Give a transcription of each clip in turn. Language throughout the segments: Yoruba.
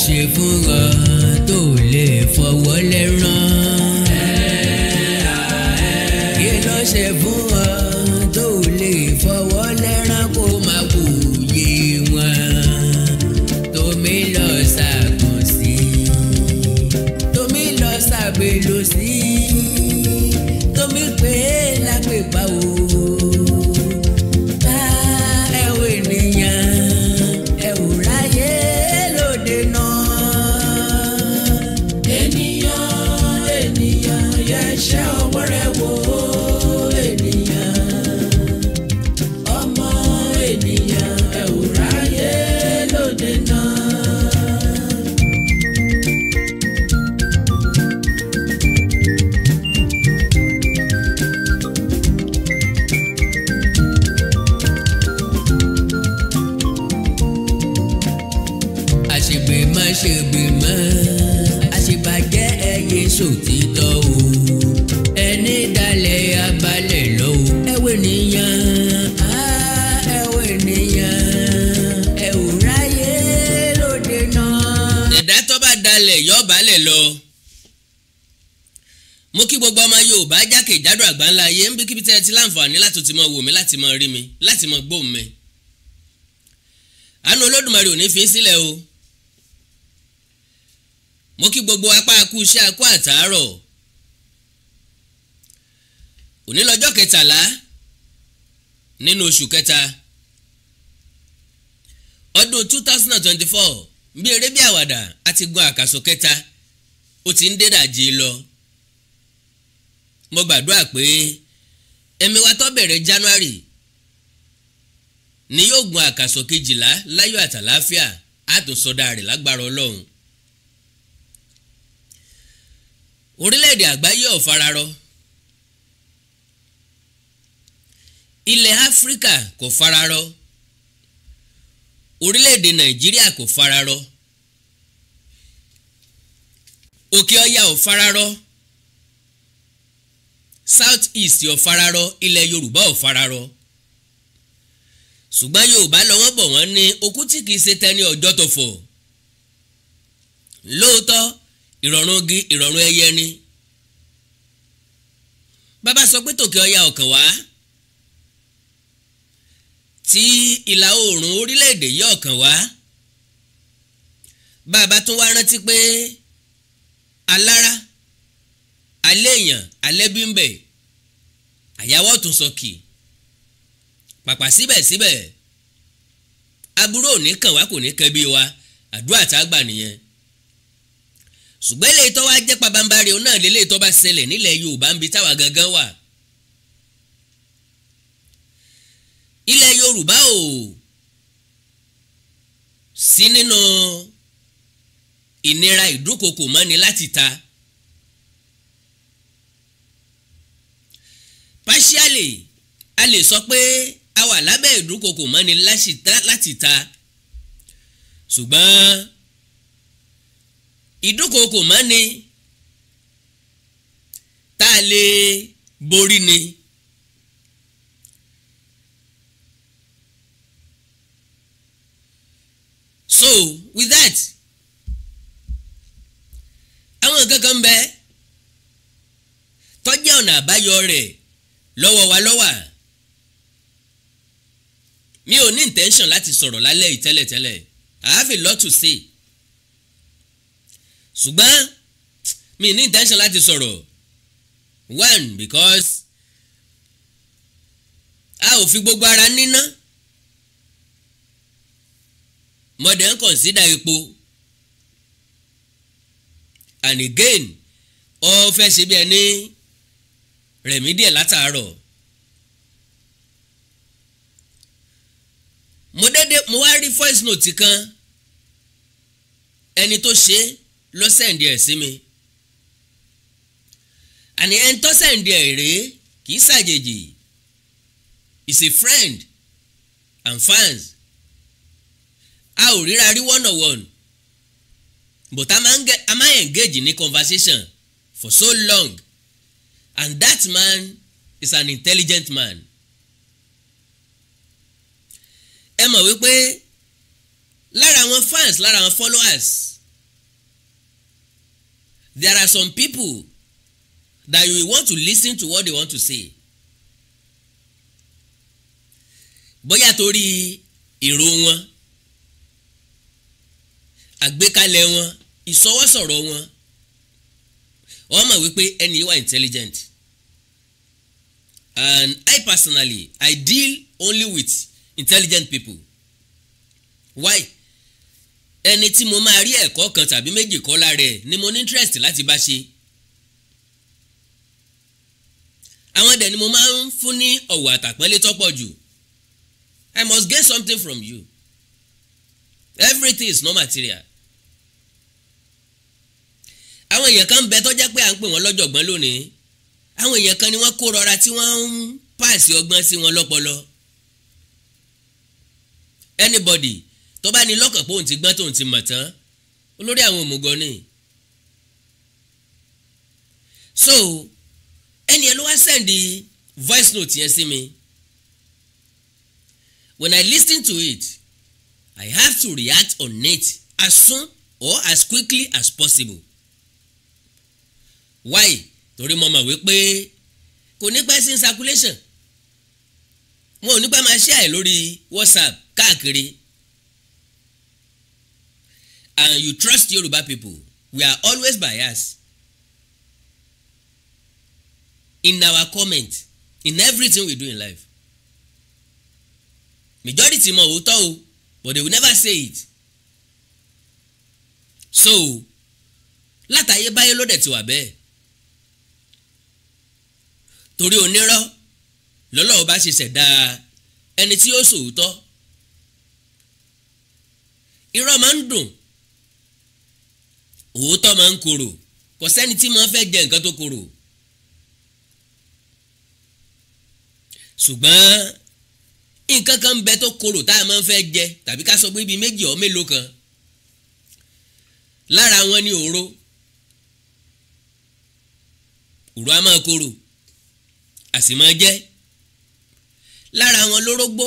ṣe fún ọ tó lè fọwọ́ lẹ́rán. jákèjádò àgbáńlá ayé ń bí kíbi tẹ́ ẹ ti láǹfààní láti ti mọ wò mí láti mọ rí mi láti mọ gbóhùn mi àánú olódùmarè ò ní fi sílẹ̀ o mo kí gbogbo apá akú iṣẹ́ akú àtàárọ̀ òní lọ́jọ́ kẹtàlá nínú oṣù kẹta ọdún 2024, thousand and twenty four bí eré bí àwàdà àti gun àkàsọ̀ kẹta ó ti ń dé lọ mo gbàdúrà pé ẹ̀mí wa tó bẹ̀rẹ̀ January ni yóò gun àkàsọ kejìlá láyọ̀ àtàláfíà àtúnsọdá rẹ̀ lágbára Ọlọ́run orílẹ̀-èdè àgbáyé ọ̀fararọ ilẹ̀ Áfíríkà kò fararọ orílẹ̀-èdè Nàìjíríà kò fararọ òkè ọya ò fararọ south east ò fararọ ilẹ̀ yorùbá ò fararọ ṣùgbọ́n yorùbá lọ́wọ́ bọ̀ wọ́n ní okú tí kìí ṣe tẹni ọjọ́ tó fọ̀ lóòótọ́ ìrọ̀rùn ogi ìrọ̀rùn ẹyẹ ni bàbá sọ pé tòkè ọya ọ̀kàn wá tí ìlà oòrùn orílẹ̀-èdè yìí ọ̀kàn wá bàbá tún wá rántí pé alára alẹ́ èèyàn alẹ́ bí ń bẹ̀ àyàwó tún sọkì pàpà síbẹ̀síbẹ̀ aburú òní kàn wá kò ní kẹ́ bí wa àdúrà tá a gbà nìyẹn ṣùgbọ́n ilé ìtọ́ wa jẹ́ pabambarí òun náà lélẹ́ ìtọ́ bá ṣẹlẹ̀ nílẹ̀ Yorùbá ń bi táwa gangan wà ilẹ̀ Yorùbá ò sí nínú ìnira ìdúnkokò mọ́ni láti ta. partially a lè sọ pé a wà lábẹ́ ìdúkokò mọ́ni láti ta ṣùgbọ́n ìdúkokò mọ́ni tá a lè borí ni. so with that àwọn nǹkan kan ń bẹ tó jẹ́ ọ̀nà àbáyọ rẹ̀ lọ́wọ́ wa lọ́wà mi ò ní intention láti sọ̀rọ̀ lálẹ́ yìí tẹ́lẹ̀tẹ́lẹ̀ I have a lot to say ṣùgbọ́n mi ní intention láti sọ̀rọ̀ one because a ò fi gbogbo ara níná mo dẹ̀ consider epo and again ọ fẹ́ ṣe bí ẹni rẹ̀ mí díẹ̀ látàárọ̀ mo dédé mo wá rí voice note kan ẹni tó ṣe ló sẹ̀ǹdì ẹ̀ sí mi àní ẹni tó sẹ̀ǹdì ẹ̀ rèé kì í ṣàjèjì is a friend and fans a ò ríra rí one on one but a máa ń engage ní conversation for so long and that man is an intelligent man ẹ mọ̀ wípé lára àwọn fans lára àwọn followers there are some people that you want to listen to what they want to say bóyá torí èrò wọn àgbékalẹ̀ wọn ìsọwọ́sọ̀rọ̀ wọn wọ́n mọ̀ wípé ẹni wà intelligent and I personally I deal only with intelligent people why ẹni tí mo máa rí ẹ̀kọ́ kan tàbí méjì kọ́ lára ẹ̀ ni mo ní interest láti bá ṣe àwọn dẹ̀ ni mo máa ń fún ní ọ̀wọ̀ àtàpọ́nlé tọ́pọ̀ jù I must get something from you everything is no material àwọn èèyàn kan bẹ tó pé à ń pè wọ́n lọ́jọ̀gbọ́n lónìí àwọn èèyàn kan ni wọ́n kó rọra tí wọ́n ń pàṣẹ ọgbọ́n sí wọn lọ́pọlọ anybody tó bá ní lọ́kàn pé òun ti gbọ́n tóun ti mọ̀ tán olórí àwọn òmùgọ̀ ni so ẹni ẹ ló wá sẹ́ndì voice note yẹn sí mi when I listen to it I have to react on it as soon or as quickly as possible why torí mo mọ̀ wípé kò ní pẹ́ sí circulation wọn ò ní pẹ́ máa share lórí whatsapp káàkiri and you trust Yoruba people we are always biased in our comment in everything we do in life majority mọ̀ òótọ́ o but they will never say it so látàyè báyé ló dẹ̀ ti wà bẹ́ẹ̀ torí onírọ́ lọ́lọ́run bá ṣe ṣẹ̀dá ẹni tí ó sòótọ́ irọ́ máa ń dùn òótọ́ máa ń korò kò sẹ́ni tí máa fẹ́ jẹ nǹkan tó korò ṣùgbọ́n nǹkan kan ń bẹ tó korò tá a máa ń fẹ́ jẹ tàbí ká sọ pé ibi méjì ọ̀ mélòó kan lára wọn ni òró òró a máa korò àsìmọ́ jẹ́ lára wọn lórógbó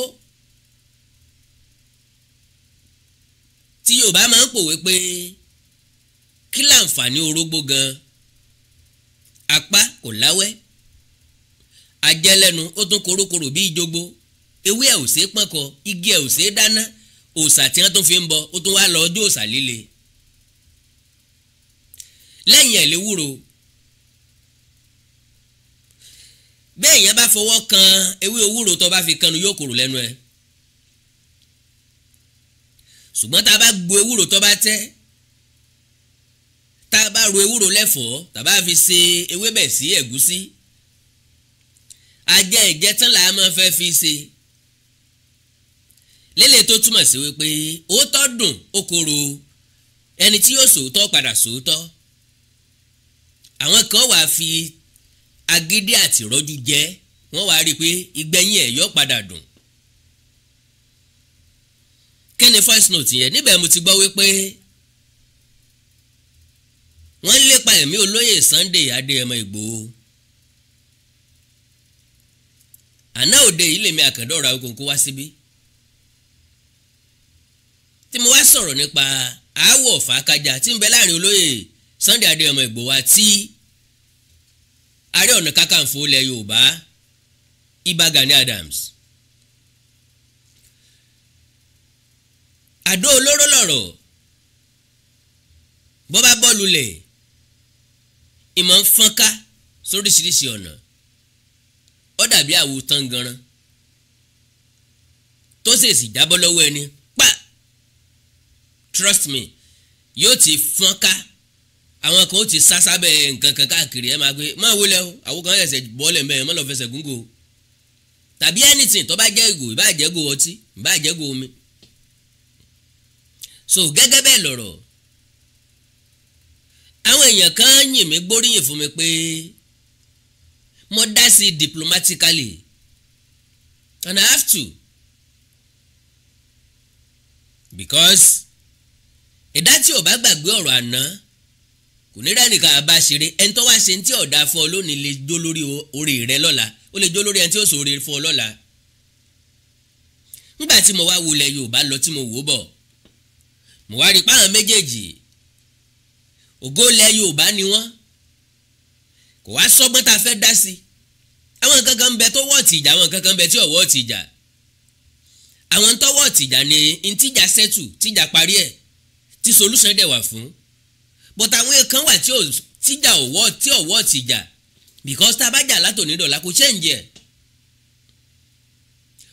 tí Yorùbá máa ń pòwe pé kí láǹfààní orógbó gan apá kò láwẹ́ ajẹ́lẹ́nu ó tún korokoro bí ìjogbo ewé ẹ̀ ò ṣeé pọ́nkọ igi ẹ̀ ò ṣeé dáná òòṣà tí wọ́n tún fi ń bọ ó tún wá lọ ọdún òòṣà líle lẹ́yìn ẹ̀ léwúro bẹ́ẹ̀ yẹn bá fọwọ́ kan ewé ewúro tó bá fi kanu yóò kúrò lẹ́nu ẹ̀ ṣùgbọ́n tá a bá gbo ewúro tó bá tẹ́ tá a bá ro ewúro lẹ́fọ̀ọ́ tàbá fi ṣe ewébẹ̀ sí ẹ̀gúsí ajẹ́ ìjẹ́ tán là á máa fẹ́ fi ṣe lélẹ̀ tó túmọ̀ sí wípé òótọ́ dùn ó ẹni tí yóò sòótọ́ padà sòótọ́ àwọn kan wàá fi agídí àti rọ́jú jẹ́ wọ́n wá rí i pé ìgbẹ̀yìn ẹ̀ yọ padà dùn. kí ni note yẹn níbẹ̀ mo ti gbọ́ wípé wọ́n lépa ẹ̀mí olóyè Sunday Adéyẹmọ Ìgbòho àná òde yìí lèmi àkàndọ̀ ra okòǹkó wá síbí tí mo wá sọ̀rọ̀ nípa aáwọ̀ fàákàjà tí ń bẹ láàrin olóyè Sunday Adéyẹmọ Ìgbòho àti ààrẹ ọ̀nà kakanfò ilẹ̀ yorùbá ibà Gani Adams àdó olóró lọ̀rọ̀ bọ́bá bọ́ọ̀lù lẹ̀ ìmọ̀ ń fọ́nká sóríṣiríṣi ọ̀nà ó dàbí àwo tán ganran tó ṣèṣì jábọ́ lọ́wọ́ ẹni pa trust me yóò ti fọ́nká àwọn kan ó ti sá sábẹ́ nǹkan kan káàkiri ẹ máa gbé má wọlé o àwọn kan ẹsẹ̀ bọ́ọ̀lẹ̀ mẹ́rin má lọ fẹsẹ̀ gúngo tàbí anything tó bá jẹ́ ìgò ìbá jẹ́ go ọtí ìbá jẹ́ omi so gẹ́gẹ́ bẹ́ẹ̀ lọ̀rọ̀ àwọn èèyàn kan yìn mí gbóríyìn fún mi pé mo dá sí diplomatically and I have to because ìdá tí ò bá gbàgbé ọ̀rọ̀ àná kò ní rẹ́nìkan àbá ṣeré ẹni tó wá ṣe ní tí ọ̀dà fún ọ lónìí lè jó lórí orí rẹ lọ́la ó lè jó lórí ẹni tí ó sọ orí fún lọ́la. nígbà tí mo wá wulẹ̀ Yorùbá lọ tí mo wò bọ̀ mo wá rí páwọn méjèèjì ògo lẹ̀ Yorùbá ni wọ́n kò wá sọ́gbọ́n tá a fẹ́ dá sí àwọn kankan bẹ tó wọ́ọ̀tì ìjà àwọn kankan bẹ tí ò wọ́ọ̀tì àwọn tọ́wọ́ọ̀tì ìjà ni ntíjà sẹ́tù tíjà parí ẹ̀ tí solution dẹ̀ wà fún but àwọn kan wà tí ò tíjà ọ̀wọ́ tí ọ̀wọ́ tìjà because tá a bá jà látòní dọ̀la kò change ẹ̀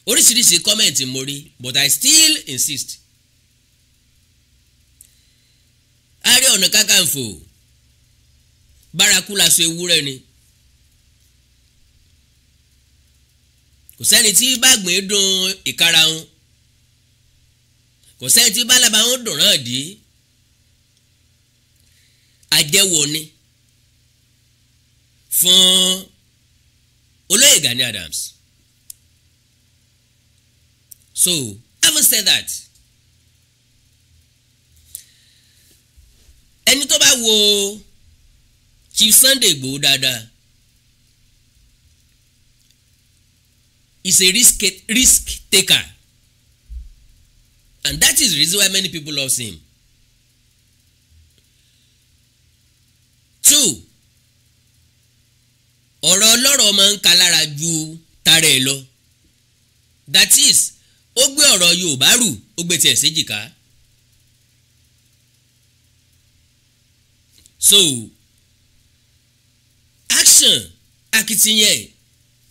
oríṣiríṣi comment mo rí but I still insist Ààrẹ Ọ̀nà Kakanfò bárakú laṣọ ewúrẹ́ ni kò sẹ́ni tí bàgbìn dùn ìkarahun kò sẹ́ni tí bálábà ń dùn náà dìí ajẹ́wọ̀ ni fún olóyè Gani Adams so having said that ẹni tó bá wo Chief Sunday Igboho dáadáa is a risk risk taker and that is the reason why many people love him. two ọ̀rọ̀ ọlọ́rọ̀ máa ń ka ju tara ẹ̀ lọ that is ó gbé ọ̀rọ̀ Yorùbá rù ó gbé tiẹ̀ séjìká so action akitiyan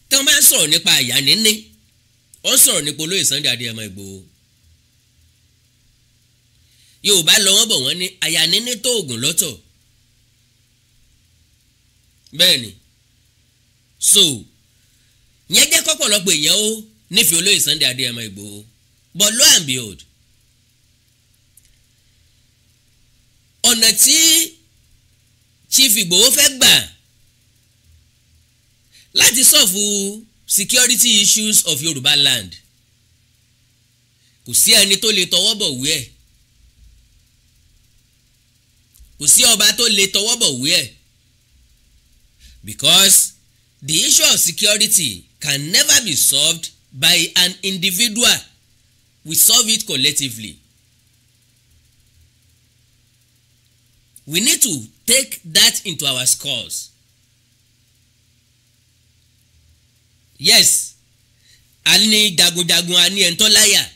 tí wọ́n bá ń sọ̀rọ̀ nípa àyà níní wọ́n sọ̀rọ̀ nípa olóyè Sunday Adéyẹmọ Ìgbòho Yorùbá lọ wọ́n bọ̀ wọ́n ní àyà níní tó oògùn lọ́tọ̀ bẹ́ẹ̀ ni so yẹn jẹ́ kọ́pọ̀lọpọ̀ èèyàn ó nífẹ̀ẹ́ olóyè Sunday Adéyẹmọ Ìgbòho but lo and behold ọ̀nà tí Chief Ìgbòho fẹ́ gbà láti sọ̀fù security issues of Yorùbá land kò sí ẹni tó lè tọwọ́ bọ̀ wí ẹ̀ kò sí ọba tó lè tọwọ́ bọ̀ wí ẹ̀ because the issue of security can never be solved by an individual we solve it collectively we need to take that into our scores yes a ní jagunjagun a ní ẹ̀ńtọ́láyà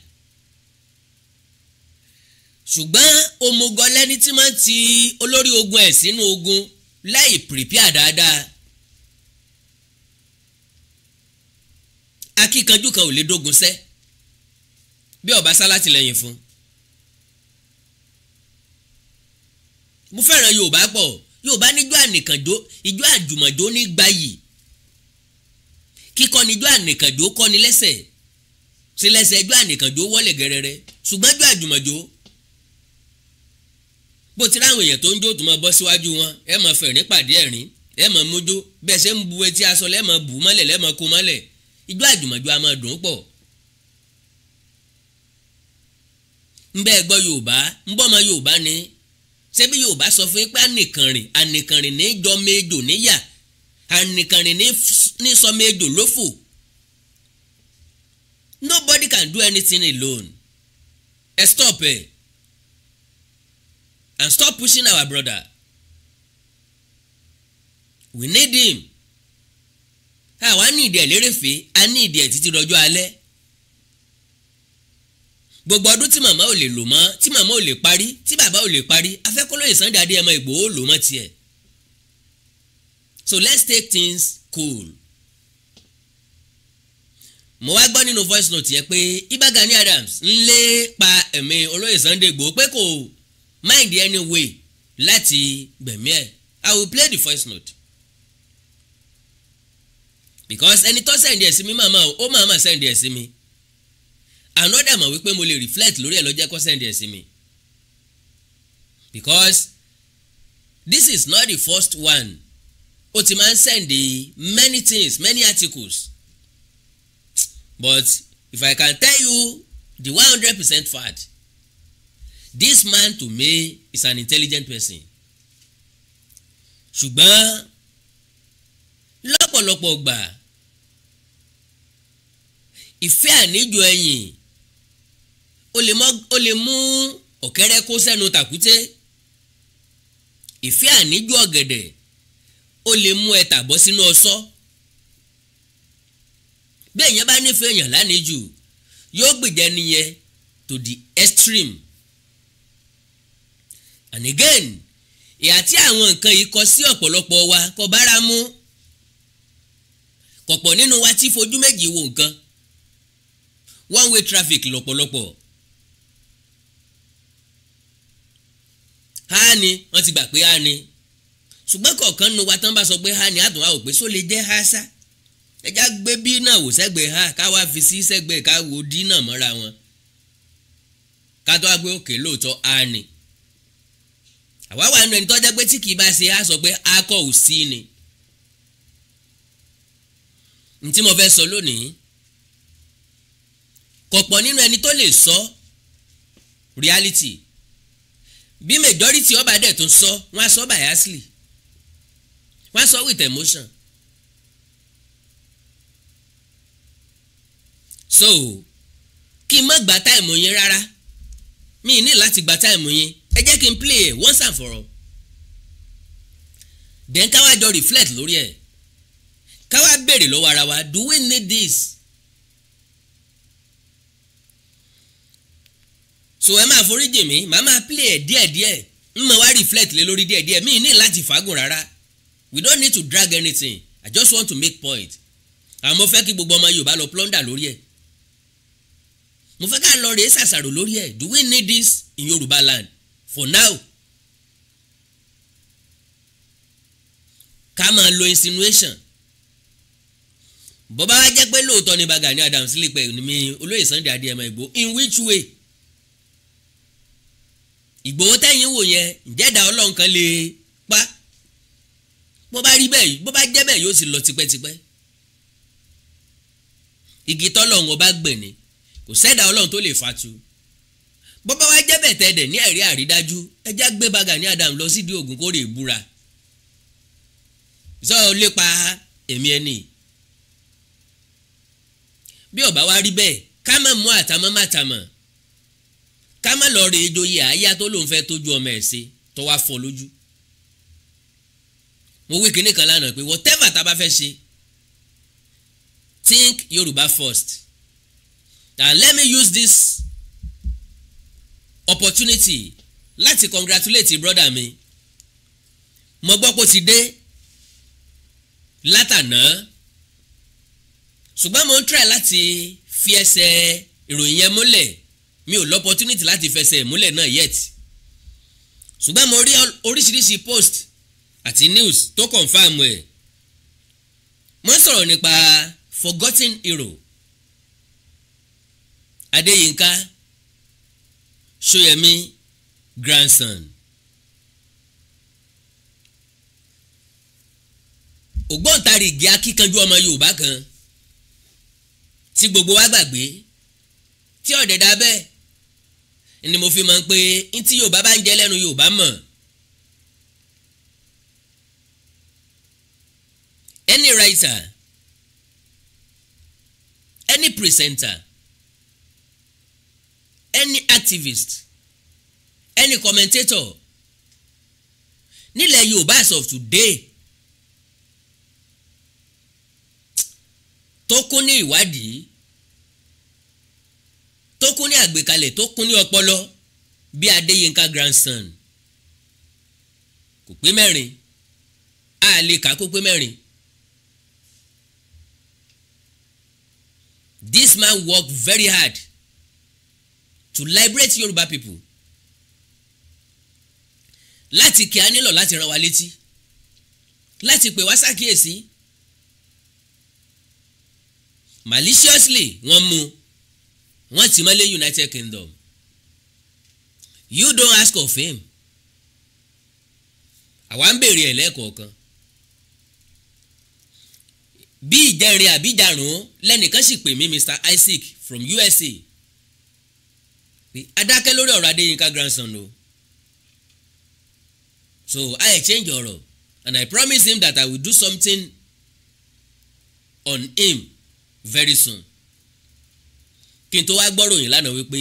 ṣùgbọ́n omogọlẹ́ni tí máa ń ti olórí ogun ẹ̀ sínú ogun láì pìrìpíà dáadáa akíkanjú kan ò lè dógun sẹ́ bí ọba sálátìlẹ́yìn fún mo fẹ́ràn yorùbá pọ̀ yorùbá níjọ́ ànìkànjó ìjọ àjùmọ̀jó ní gbayì kíkọ́ níjọ́ ànìkànjó kọ́ni lẹ́sẹ̀ sí lẹ́sẹ̀ ẹjọ́ ànìkànjó wọlé gẹ́rẹ́rẹ́ ṣùgbọ́n ẹjọ́ àjùmọ̀jó bó ti ráwọn èèyàn tó ń jó tó máa bọ́ síwájú wọn ẹ máa fẹ̀rín pàdé ẹ̀rín ẹ máa mújó bẹ́ẹ̀ ṣe ń bu etí aṣọ lẹ́ẹ̀ bù mọ́lẹ̀ lẹ́ẹ̀ kó mọ́lẹ̀ ìjọ àjùmọ̀jọ a máa dùn pọ̀ nbẹ gbọ́ yorùbá nbọ ọmọ yorùbá ni ṣebí yorùbá sọ fún yín pé anìkànrìn anìkànrìn ní jọ méjò níyà anìkànrìn ní sọ méjò lófò nobody can do anything alone ẹ stop ẹ and stop pushing our brother we need him àwa ní ìdí ẹ̀ a ní ìdí ẹ̀ títí dọjọ́ alẹ́ gbogbo ọdún tí màmá ò lè lò mọ́ tí màmá ò lè parí tí bàbá ò lè parí afẹ́kọ́lóyè Sunday Adéyẹmọ Ìgbòho lò mọ́ tiẹ̀ so let's take things cool mo wá gbọ́ nínú voice note yẹn pé Ìbà Gani Adams ń lé pa ẹ̀mí olóyè Sunday Ìgbòho pé kò mind anyway láti gbẹ̀mí ẹ̀ I will play the voice note because ẹni tó sẹ̀ǹdì ẹ̀ sí mi màmá o ó màmá sẹ̀ǹdì ẹ̀ sí mi another mọ̀ wípé mo lè reflect lórí ẹ̀ lọ́jẹ́ kó sẹ̀ǹdì ẹ̀ sí mi because this is not the first one ó ti máa ń sẹ̀ǹdì many things many articles but if I can tell you the one hundred percent fact this man to me is an intelligent person ṣùgbọ́n lọ́pọ̀lọpọ̀ gbà ìfẹ́ àníjù ẹ̀yìn ó lè mú ọ̀kẹ́rẹ́ kó sẹ́nu tàkúté ìfẹ́ àníjù ọ̀gẹ̀dẹ̀ ó lè mú ẹ tàbọ́ sínú ọ̀ṣọ́ bẹ́ẹ̀ yẹn bá nífẹ̀ẹ́ èèyàn lánìjù yóò gbèjà nìyẹn to the extreme and again ìhà tí àwọn nǹkan yìí kọ sí ọ̀pọ̀lọpọ̀ wa kò bára mu kọ̀pọ̀ nínú wa tí fojú méjì wo nǹkan one way traffic lọ́pọ̀lọpọ̀ háà ni wọ́n ti gbà pé háà ni ṣùgbọ́n kọ̀ọ̀kan nínú wa tán bá sọ pé háà ni àtúnwá ò pé só lè jẹ́ háà sá ẹja gbé bí náà wò sẹ́gbẹ̀ẹ́ háà káwá fi sí sẹ́gbẹ̀ẹ́ káwó dí náà mọ́ra wọn kátó agbé òkè lóòótọ́ háà ni àwa wà nínú ẹni tó jẹ́ pé tí kì í bá ṣe á sọ pé akọ̀ ò sí ni ní tí mo fẹ́ sọ lónìí kọ̀pọ̀ nínú ẹni tó lè sọ reality bí majority ọba dẹ̀ tó sọ wọ́n á sọ biasly wọ́n á sọ with emotion so kí n má gba táìmù yín rárá mi ní láti gba táìmù yín ẹ jẹ́ kí n play once and for all then ká wá jọ reflect lórí ẹ̀ káwá béèrè lọ́wọ́ ara wa do we need this? so ẹ máa foríjì mí màá máa play ẹ díẹ̀díẹ̀ ń mọ wá reflect lé lórí díẹ̀díẹ̀ mí ní láti fagùn rárá we don't need to drag anything I just want to make point àmọ́ fẹ́ kí gbogbo ọmọ Yorùbá lọ plunder lórí ẹ̀ mo fẹ́ ká lọ rèé ṣàṣàrò lórí ẹ̀ do we need this in Yorùbá land for now ká máa lo insinuation bó bá wá jẹ́ pé lóòótọ́ ni bá Gani Adams lè pẹ̀ olóyè Sunday Adéyẹmọ Ìgbòho in which way Ìgbòho tẹ̀yìn wò yẹn ìjẹ́dá Ọlọ́run kan lè pa bó bá rí bẹ́ẹ̀ bó bá jẹ́ bẹ́ẹ̀ yóò sì lọ tipẹ́tipẹ́ igi tọ́lọ́run ọba gbìn ni kò sẹ́dá Ọlọ́run tó lè fatu bó bá wá jẹ́ bẹ́ẹ̀ tẹ́dẹ̀ ní ẹ̀rí àrídájú ẹjá gbé bá Gani Adams lọ sídìí Ògùn kórè ìbúra sọ ọ lépa èmi ẹni yìí bí ọba wa rí bẹ́ẹ̀ ká má mú àtàmọ́ màtàmọ́ ká má lọ rè joyè àyà tó lòun fẹ́ tójú ọmọ ẹ̀ ṣe tó wá fọ́ lójú mo wí kíní kan lánàá pé whatever tá a bá fẹ́ ṣe think Yorùbá first and let me use this opportunity láti congratulate brother mi mo gbọ́ pé ó ti dé látàná ṣùgbọ́n mo ń try láti fi ẹsẹ̀ ìròyìn yẹn múlẹ̀ mi ò lọ́pọ̀tunity láti fẹsẹ̀ múlẹ̀ náà yet ṣùgbọ́n mo rí oríṣiríṣi post àti news tó confam ẹ̀ mo ń sọ̀rọ̀ nípa forgotten hero Adéyínká Ṣóyẹmí grandson ògbóǹtarìgì akíkanjú ọmọ Yorùbá kan tí gbogbo wa gbàgbé tí ọ̀dẹ̀ dá bẹ́ẹ̀ ni mo fi mọ̀ pé n tí Yorùbá bá ń jẹ lẹ́nu Yorùbá mọ̀ any writer any presenter any activist any commentator nílẹ̀ Yorùbá as of today tó kún ní ìwádìí tó kún ní àgbékalẹ̀ tó kún ní ọpọlọ bí Adéyínká grandson kò pé mẹ́rin a lè kà kó pé mẹ́rin this man work very hard to liberate Yoruba people láti kí a nílò láti rán wa létí láti pè wá ṣàkíyèsí. Si maliciously wọ́n mú wọ́n tì mọ́lé United Kingdom you don't ask of him àwa ń béèrè ẹ̀ lẹ́ẹ̀kọ̀ọ̀kan bí ìjẹrin àbí ìjarun lẹ́nìkan sì pè mí Mr. Isaac from USA adákẹ́ lórí ọ̀rọ̀ Adéyínká grandson o so I exchange ọ̀rọ̀ and I promise him that I will do something on him very soon kí n tó wá gbọ́ròyìn lánàá wípé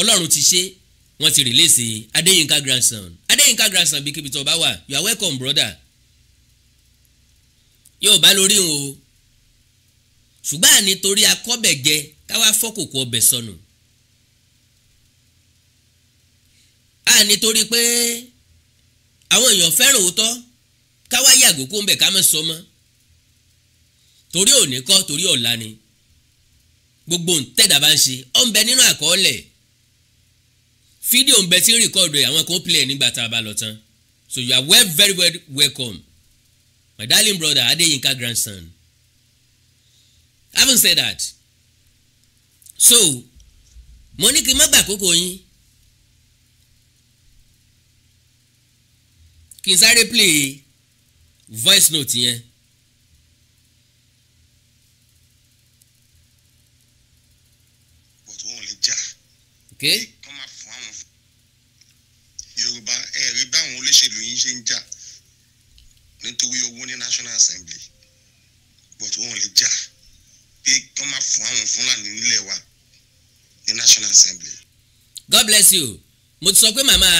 ọlọ́run ti ṣe wọ́n ti rìlẹ́sì adéyínká grandson adéyínká grandson bí kíbi tó bá wà you are welcome brother yóò bá lórí o ṣùgbọ́n àní torí akọ́bẹ̀gẹ káwá fọ́kòkò ọbẹ̀ sọnù àní torí pé àwọn èèyàn fẹ́ràn òótọ́ káwá yàgò kó ń bẹ̀ ká mọ̀ sọ So torí òní kọ́ torí ọ̀la ni gbogbo ntẹ́dà bá ń ṣe ó ń bẹ nínú àkọọ́lẹ̀ fídíò ń bẹ tí ń rìkọ́ọ̀dù ẹ̀ àwọn kan play nígbà tá a bá lọ tán so you are well very well welcome my darling brother Adeyinka grandson having said that so mo ní kí n má gbà kókó yín kí n sáré play voice note yẹn. kọ́ máa fún àwọn yorùbá ẹ báwọn olóṣèlú yín ṣe ń jà nítorí owó ní national assembly but wọn lè jà pé kọ́ máa fún àwọn fúlàní nílẹ̀ wa ní national assembly. god bless you mo ti sọ pé màmá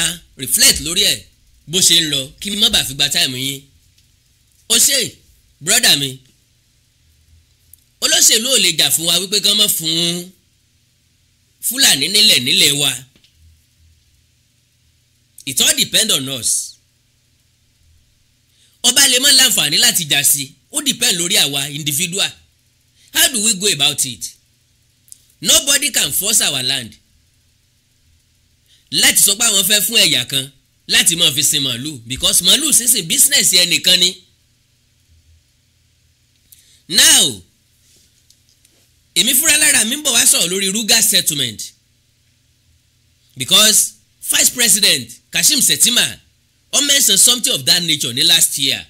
reflect lórí ẹ bó ṣe ń lọ kí mo bá fi gba táìmù yín ó ṣe brọ́dà mi olóṣèlú ò lè jà fún wa wípé kán mọ́ fún un fúlàní nílẹ̀ nílẹ̀ wa it all depend on us ọba lè má láǹfààní láti jà sí ó depend lórí àwa individual how do we go about it nobody can force our land láti sọ pé àwọn fẹ́ fún ẹ̀yà kan láti máa fi sin màálù because màálù sísìn business ẹnìkan ni now èmi fúnra lára mi ń bọ̀ wá sọ̀rọ̀ lórí Ruga settlement because vice president Kashim Shettima ó something of that nature ní last year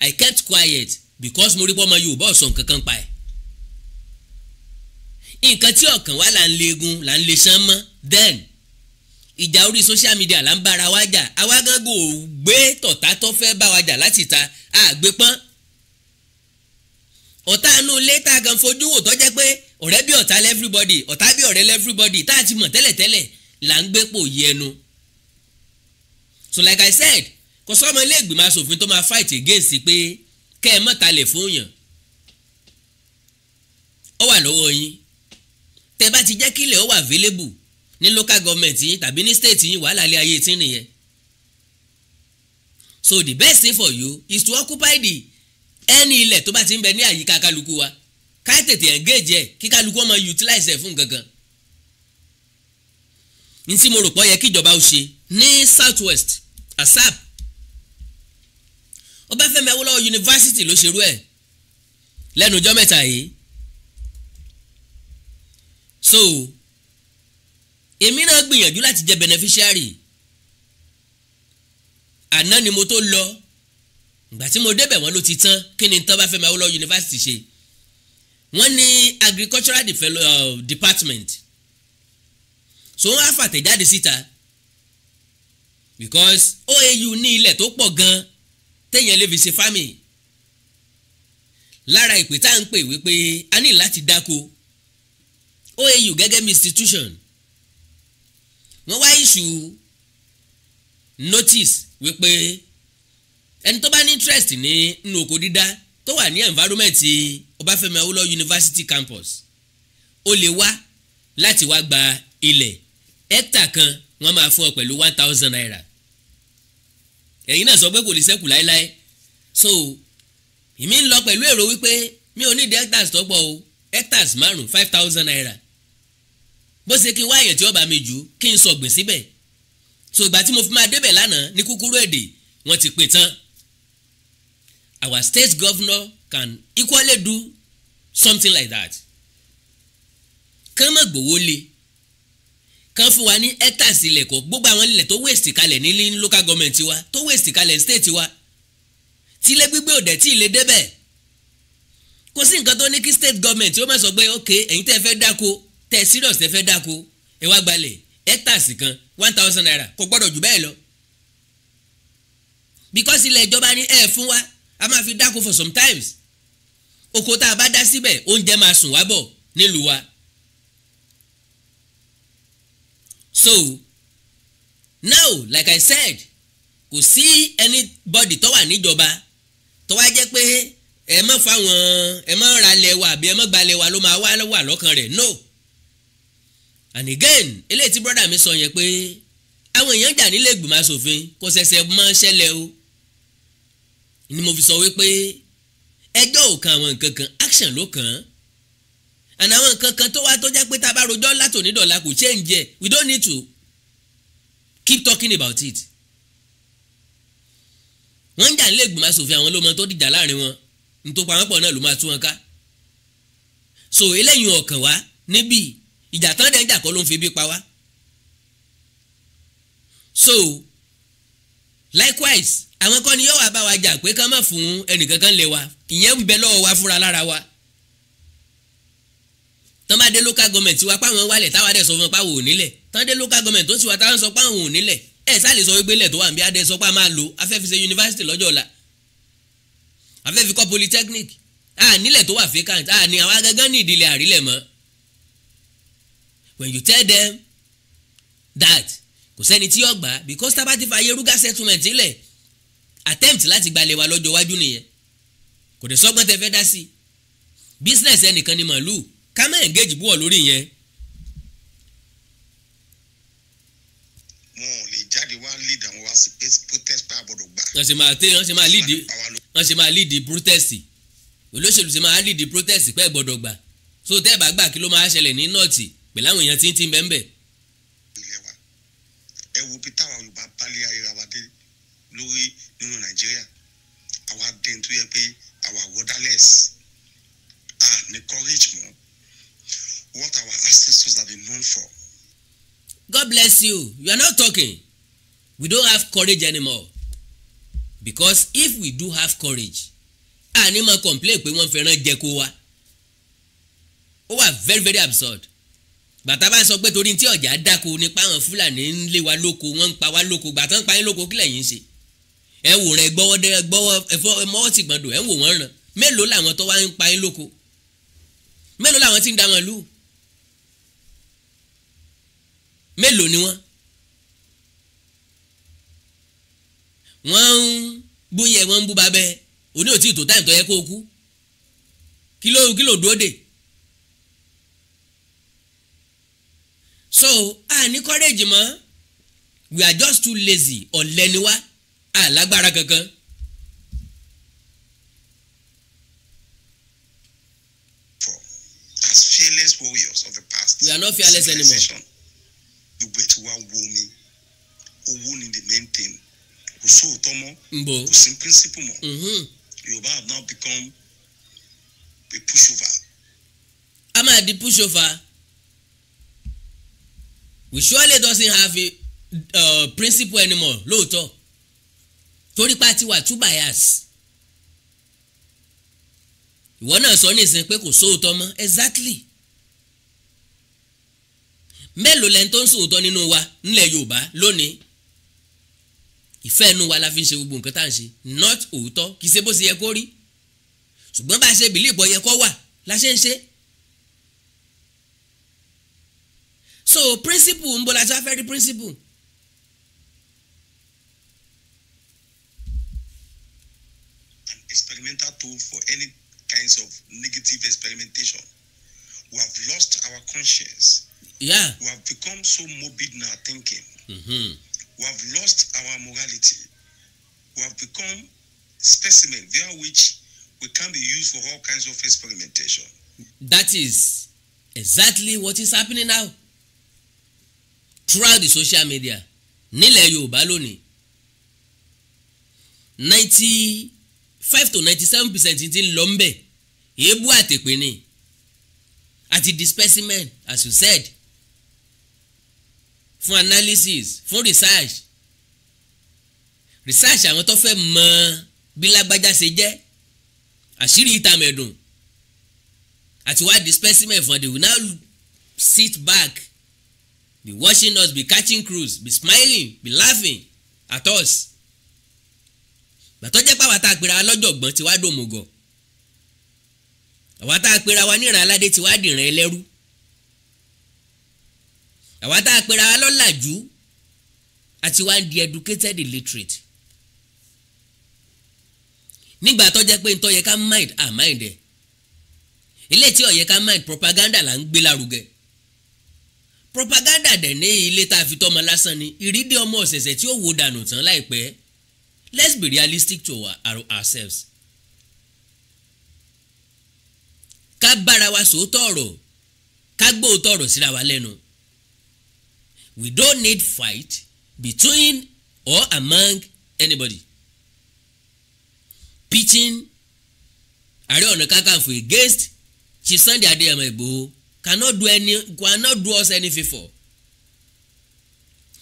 I kept quiet because mo rí pọ́ ọmọ Yorùbá ọ̀sán kankan pa ẹ̀ nǹkan tí ọ̀kan wá là ń legun là ń le sán mọ́ then ìjà orí social media là ń bára wa jà àwa gángan ò gbé tọ̀tà tó fẹ́ bá wa jà láti ta àgbépọ́n. Ah, ọ̀tá inú ilé tá a kàn fojú wò tó pé ọ̀rẹ́ bí ọ̀tá lẹ́fúrúbọ́dì ọ̀tá bí ọ̀rẹ́ lẹ́fúrúbọ́dì tá a ti mọ̀ tẹ́lẹ̀tẹ́lẹ̀ là ń gbé pò yí ẹnu. so like I said kò sọ́mọ ilé ìgbìmọ̀ asòfin tó máa fight against pé kẹ́ ẹ mọ̀ta lè fún yàn ó wà lọ́wọ́ yín tẹ́ bá ti jẹ́ kílẹ̀ ó wà available ní local government yín tàbí ní state yín wàhálà ilé ayé tí nìyẹn so the best thing for you is to occupy the ẹni ilẹ̀ tó bá ti ń bẹ ní àyíká kálukú wa ká tètè engage kí kálukú ọmọ utilize ẹ̀ fún gangan n tí mo rò pọ̀ yẹ kí ìjọba ó ṣe ní south west asap Ọbáfẹ́mi Awólọ́wọ̀ yunifásitì ló ṣerú ẹ̀ lẹ́nu ọjọ́ mẹ́ta yìí so èmi náà gbìyànjú láti jẹ beneficiary àná ni mo tó lọ ìgbà tí mo débẹ̀ wọ́n ló ti tán kí ni tán bá fẹ́ máa wọ́n lọ yunifásitì ṣe wọ́n ní agricultural uh, department so wọ́n á fàtẹ̀jáde síta because OAU ní ilẹ̀ tó pọ̀ gan téèyàn lè fi ṣe farming lára ìpè tá à ń pè wípé a ní láti dáko OAU gẹ́gẹ́ bí institution wọ́n wá issue notice wípé ẹni tó bá ní interest ní nínú oko dídá tó wà ní environment Ọbáfẹ́mi Awólọ́wọ̀ University campus ó lè wá láti wá gba ilẹ̀ hectare kan wọ́n máa fún ọ pẹ̀lú one thousand naira ẹ̀yin náà sọ pé kò lè ṣẹ́kù láéláé so èmi ń lọ pẹ̀lú èrò wípé mi ò ní ìdí hectares tó pọ̀ o hectares márùn five thousand naira bó ṣe kí n wá èèyàn tí ó mi jù kí n sọ̀gbìn síbẹ̀ so ìgbà tí mo fi máa débẹ̀ lánàá ní kúkúrú èdè wọ́n ti pín tán our state governor can equally do something like that kán mọ̀ gbowó lé kán fún wa ní hectares ilẹ̀ kọ́ gbogbo àwọn ilẹ̀ tó waste kalẹ̀ ní local government wa tó waste kalẹ̀ state wa tilé gbígbé òdẹ̀ tí ilé débẹ̀ kò sí nǹkan tó ní kí state government ó máa sọ pé ok ẹ̀yin tẹ́ fẹ́ dáko tẹ́ serious tẹ́ fẹ́ dáko ẹ wá gbalẹ̀ hectares kan one thousand naira kò gbọ́dọ̀ jù bẹ́ẹ̀ lọ because ilẹ̀ ìjọba ní ẹ̀ fún wa a máa fi dáko for sometimes oko tá a bá dá síbẹ̀ oúnjẹ máa sùn wá bọ̀ nílùú wa. so now like i said kò sí anybody tó wà níjọba tó wá jẹ́ pé ẹ mọ̀ fáwọn ẹ mọ̀ ralẹ̀ wa àbí ẹ mọ̀ gbalẹ̀ wa ló máa wá wà lọ́kàn rẹ̀ no and again eléyìí tí brọ́dà mi sọ yẹn pé àwọn èèyàn jà nílé ìgbìmọ̀ asòfin kò ṣẹ̀ṣẹ̀ mọ́ ṣẹlẹ̀ o ni mo fi sọ wípé ẹjọ́ ò kan àwọn nǹkan kan action ló kàn án àná àwọn nǹkan kan tó wá tó jẹ́ pé tá a bá rojọ́ látònídọ̀la kò ṣe ń jẹ we don't need to keep talking about it wọ́n ń jà nílé ìgbìmọ̀ asòfin àwọn ló mọ tó dìjà láàrin wọn nítòpọ̀ àwọn pọ̀ náà ló máa tú wọn ká so eléyìí ọ̀kàn wá níbí ìjà tán dẹ̀ ń jà kọ́ ló ń fi bí pa wá so likewise àwọn kọ́ni yóò wá bá wa jà pé ká má fún ẹnìkankan lé wa ìyẹn ń bẹ lọ́wọ́ wa fúnra lára wa tán bá dé local government tiwa páwọn wálẹ̀ táwa dẹ̀ sọ fún páwọn ò nílẹ̀ tán dé local government tó tiwa táwọn sọ páwọn ò nílẹ̀ ẹ̀ sá lè sọ wípé lẹ̀ tó wà níbi adé sọ pé a máa lo afẹ́fi ṣe yunifásitì lọ́jọ́ ọ̀la afẹ́fi kọ́ polytechnic a nílẹ̀ tó wà vacant a ní àwọn agangan ní ìdílé àrílẹ̀ mọ́ when you tell them that kò sẹ́ni tí yóò gbà because tábà ti fa yeruga settlement ilẹ̀ attempt láti gbalẹ̀ wa lọ́jọ́ iwájú nìyẹn kò dé sọ́gbọ́n tẹ fẹ́ dá sí business ẹnìkan ni màálù ká má engage búwọ̀ lórí yẹn. wọn ò lè jáde wá lead àwọn wá sí protest pa àbọ̀dọ̀ gbà. wọ́n sì máa tẹ́ wọ́n sì máa lead wọ́n sì máa lead protest olóṣèlú sì máa lead protest pẹ́ gbọ́dọ̀ gbà so tẹ́ ẹ̀ bá gbà kí ló máa ṣẹlẹ̀ ní nọ́ọ̀tì pẹ̀lú àwọn èèyàn tí ń ti ń bẹ́ẹ̀ ẹ wo bí táwọn Yorùbá bá lé ayéra wa dé lórí nínú nàìjíríà àwa dé tó yẹ pé àwa waterless a ní courage mọ́ what our ancestors have been known for. God bless you you are not talking we don't have courage anymore because if we do have courage a ní máa complain pé wọ́n fẹ́ràn jẹ kó wa ó wà very very absurd gbàtà bá sọ pé torí tí ọjà dáko nípa àwọn fúlàní ń lé wa lóko wọ́n ń pa wá lóko gbàtà ń pa yín lóko kílẹ̀ yín ṣe ẹ wò rẹ gbọ́wọ́ dẹ gbọ́wọ́ ẹfọ mọ́wọ́ ti gbọ́n dò ẹ wò wọ́n ràn mélòó làwọn tó wá ń pa yín lóko mélòó làwọn ti ń da wọn lù mélòó ni wọ́n wọ́n ń bú yẹ wọ́n ń bú babẹ́ òní ò tí táyì tó yẹ kó o kú kí ló kí ló dúró dè so a ní courage mọ́ we are just too lazy ọ̀lẹ́ni wá alágbára kankan. As fearless warriors of the past, we are not fearless anymore. Gbogbo ètò wa wo ni owó ni the main thing kò sóòótọ́ mọ́ kò sí principle mọ́ mm-hmm. Yorùbá have now become a pushover. A máa di pushover. We surely doesn't have a uh, principle anymore lóòótọ́ torí pa ti wà two bias ìwọ náà sọ nísìnyí pé kò sóòótọ́ mọ́ exactly mélòó lẹ́ni tó ń sòótọ́ nínú wa nílẹ̀ Yorùbá lónìí ìfẹ́ inú wa la fi ń ṣe gbogbo nǹkan tá à ń ṣe not òótọ́ kì í ṣe bó ṣe yẹ kó rí ṣùgbọ́n bá a ṣe bìlíìbọ̀ yẹ kó wà la ṣe ń ṣe. so principle ń bọ́ la ṣe á fẹ́ rí principle experimental tool for any kinds of negative experimentation. We have lost our conscience. Yeah. We have become so morbid in our thinking. Mm-hmm. We have lost our morality. We have become specimen via which we can be used for all kinds of experimentation. That is exactly what is happening now. Throughout the social media, nílẹ̀ Yorùbá lónìí, ninety five to ninety seven percent ti ń lọ ń bẹ̀ èébú àtèpè ni àti the specimen as you said fún analysis fún research research àwọn tó fẹ́ mọ bí lágbájá ṣe jẹ́ àṣírí ìtàmẹ̀dùn àti wá the specimen fún they will now sit back be watching us be catching cruise be smiling be laughing at us bàtọ́ jẹ́ pàwọ́ tá a pera lọ́jọ̀gbọ́n ti wá dòmùgọ̀ àwa tá a pera wa níran aládé ti wá dìran ẹlẹ́rú àwa tá a pera wa lọ́làjú àti wá di educated illiterate nígbà tó jẹ́ pé ntọ́ ká mind à mind ẹ̀ ilé tí ó ká mind propaganda là ń gbé lárugẹ propaganda dẹ̀ ní ilé tá a fi tọ́mọ lásán ni ìrídìí ọmọ ọ̀sẹ̀sẹ̀ tí ó wò dànù tán láìpẹ́ let's be realistic to our, our, ourselves. ká bára wa sòótọ́ ọ̀rọ̀ ká gbóòótọ́ ọ̀rọ̀ síra wa lẹ́nu. we don't need fight between or among anybody. pitching Ààrẹ Ọ̀nà Kakanfò against Chief Sunday Adéyẹmọ Ìgbòho cannot do any cannot do us any favour.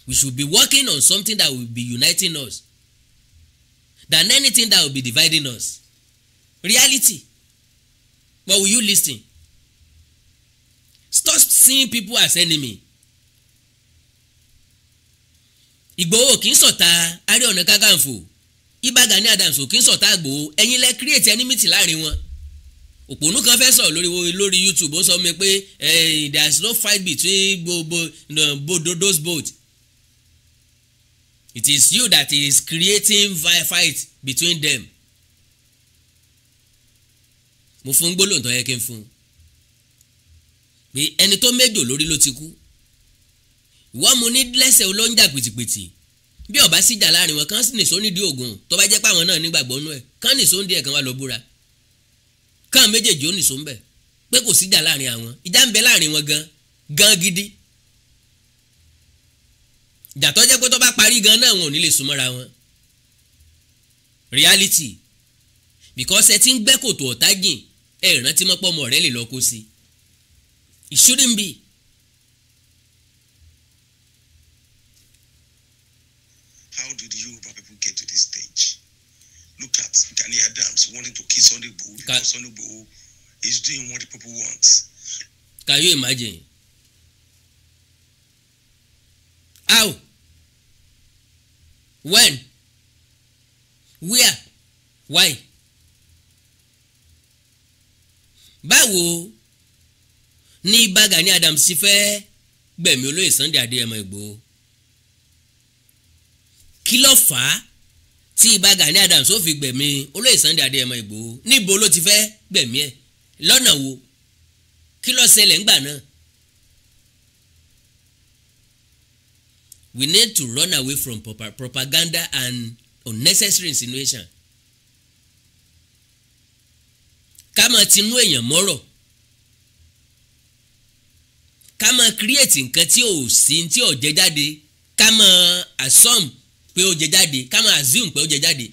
we should be working on something that will be uniting us than anything that will be dividing us reality but will you listen stop seeing people as enemy Ìgbòho kì í ṣọ̀tá Ààrẹ Ọ̀nà Kakanfò Ìbà Gani Adams ò kì í ṣọ̀tá Ìgbòho ẹ̀yin lẹ create enmity láàrin wọn òpònú kan fẹ́ sọ̀rọ̀ lórí lórí YouTube ó sọ mi pé eh, there is no fight between bo, bo, no, bo, those both it is you that is creating fight between them mo fún gbólóhùn tó yẹ kí n fún pé ẹni tó méjò lórí ló ti kú ìwọ mo ní lẹ́sẹ̀ olóńjà pìtìpìtì bí ọba síjà láàrin wọn kàn nìṣó nídìí ògùn tó bá jẹ́ pé àwọn náà nígbàgbọ́ nú ẹ̀ kàn nìṣó ń di ẹ̀kan wá lọ búra kàn méjèèjì ó nìṣó ń bẹ̀ pé kò síjà láàrin àwọn ìjà ń bẹ láàrin wọn gan gan gidi ìjà tó jẹ́ pé tó bá parí gan náà wọn ò ní lè súnmọ́ra wọn reality because ẹ ti ń gbẹ́ kòtò ọ̀tá jìn ẹ ìrántí mọ́pọ́ ọmọ rẹ lè lọ kó sí it shouldn't be. How did the Yoruba people get to this stage? Look at Gani Adams wanting to kill Sunday Igboho because Sunday Igboho is doing what the people want. Can you imagine? How? when where why báwo ní bá Gani adam ti fẹ́ gbẹ̀mí olóyè Sunday Adéyẹmọ Ìgbòho kí ló fà á tí bá Gani Adams ó fi gbẹ̀mí olóyè Sunday Adéyẹmọ Ìgbòho níbo ló ti fẹ́ gbẹ̀mí ẹ̀ lọ́nà wo kí ló ṣẹlẹ̀ ńgbà náà we need to run away from propaganda and unnecessary insinuation ká máa tinú èèyàn mọ́rọ̀ ká máa create nǹkan tí ò sí tí ò jẹ jáde ká máa assume pé ó jẹ jáde ká máa assume pé ó jẹ jáde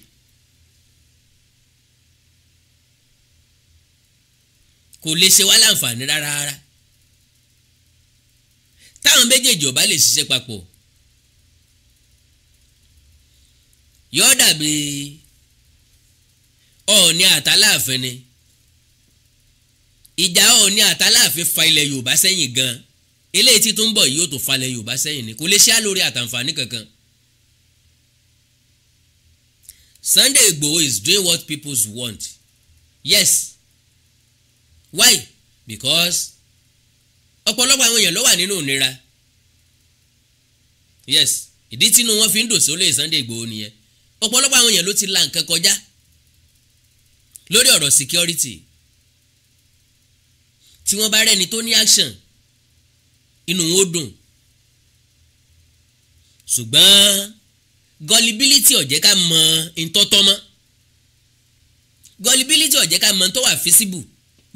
kò lè ṣe wá láǹfààní rárá táwọn méjèèjì ò bá lè ṣiṣẹ́ papọ̀ yóò dàbí ọ̀ọ́ni àtàláàfin ni ìjà ọ̀ọ́ni àtàláàfin fa ilẹ̀ yorùbá sẹ́yìn gan eléyìí tí tó ń bọ̀ yóò tó falẹ̀ yorùbá sẹ́yìn ni kò lè ṣá lórí àtàǹfààní kankan Sunday Igboho is doing what people want yes why because ọ̀pọ̀lọpọ̀ àwọn èèyàn ló wà nínú ìnira yes ìdí tí inú wọn fi ń dò sólè Sunday Igboho nìyẹn ọ̀pọ̀lọpọ̀ àwọn èèyàn ló ti la nǹkan kọjá lórí ọ̀rọ̀ security tí wọ́n bá rẹ́ni tó ní action inú wọn ó dùn ṣùgbọ́n gullibility ò jẹ́ ká mọ ntọ́tọ́ mọ́ gullibility ò jẹ́ ká mọ tó wà feasible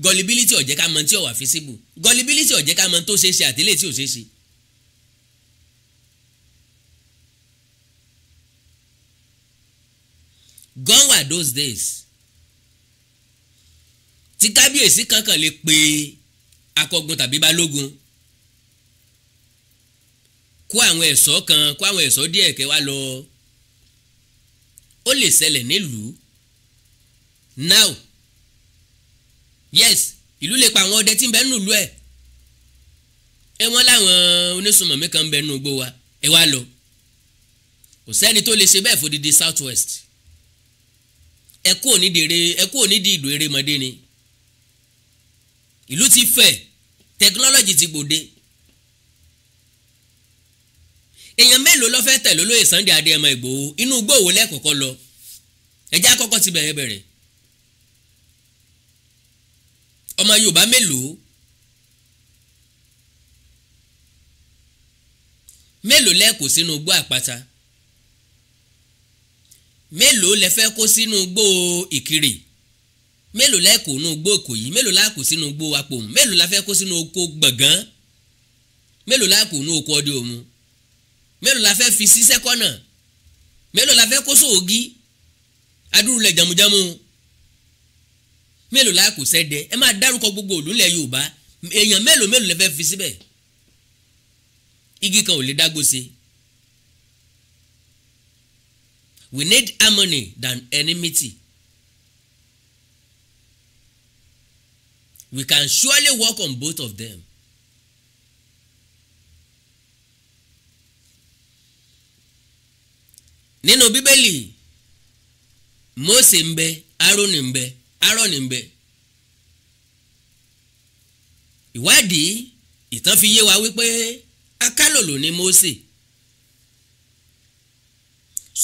gullibility ò jẹ́ ká mọ tí ò wà feasible gullibility ò ká mọ tó ṣeé ṣe tí ò ṣeé gone were those days tí kábíyèsí kankan lè pe akọgun tàbí balógun kó àwọn ẹ̀ṣọ́ kan kó àwọn ẹ̀ṣọ́ díẹ̀ kẹ́ wá lọ ó lè ṣẹlẹ̀ nílùú now yes ìlú lè pa àwọn ọdẹ tí ń bẹ nílùú ẹ̀ ẹ wọ́n láwọn onísùnmọ̀mí kan ń bẹ nínú igbó wa ẹ wá lọ kò sẹ́ni tó lè ṣe bẹ́ẹ̀ fòdìdí south west ẹ kú òní dèrè ẹ kú òní di ìlú erémọdé ni ìlú ti fẹ̀ tẹkinọ́lọ́jì ti gbòde èèyàn mélòó ló fẹ́ tẹ̀lé olóyè Sunday Adéyẹmọ Ìgbòho inú gbòòwò lẹ́kọ̀ọ́kọ́ lọ ẹjẹ́ àkọ́kọ́ ti bẹ̀rẹ̀ bẹ̀rẹ̀ ọmọ Yorùbá mélòó mélòó lẹ́kọ̀ọ́ sínú gbọ́ àpáta mélòó lẹ fẹ́ kó sínú igbó ìkirè mélòó lẹ́kọ̀ọ́ nínú igbó ìkòyí mélòó lákòó sínú igbó apòmù mélòó la fẹ́ kó sínú oko gbọ̀ngàn mélòó lákòó nínú oko ọdẹ òmu mélòó la fẹ́ fi sí sẹ́kọ́nà mélòó la fẹ́ kó sóògì adúrúlẹ̀ jàmùjàmù mélòó lákòó sẹ́dẹ ẹ máa dárúkọ gbogbo ìlú ilẹ̀ Yorùbá èèyàn mélòó mélòó lẹ fẹ́ fi síbẹ̀ igi kan ò lè dágbó se we need harmony than enmity we can surely work on both of them nínú bíbélì Mósè ń bẹ Árónì ń bẹ Árónì ń bẹ ìwádìí ìtàn fi yé wa wípé akálòlò ni Mósè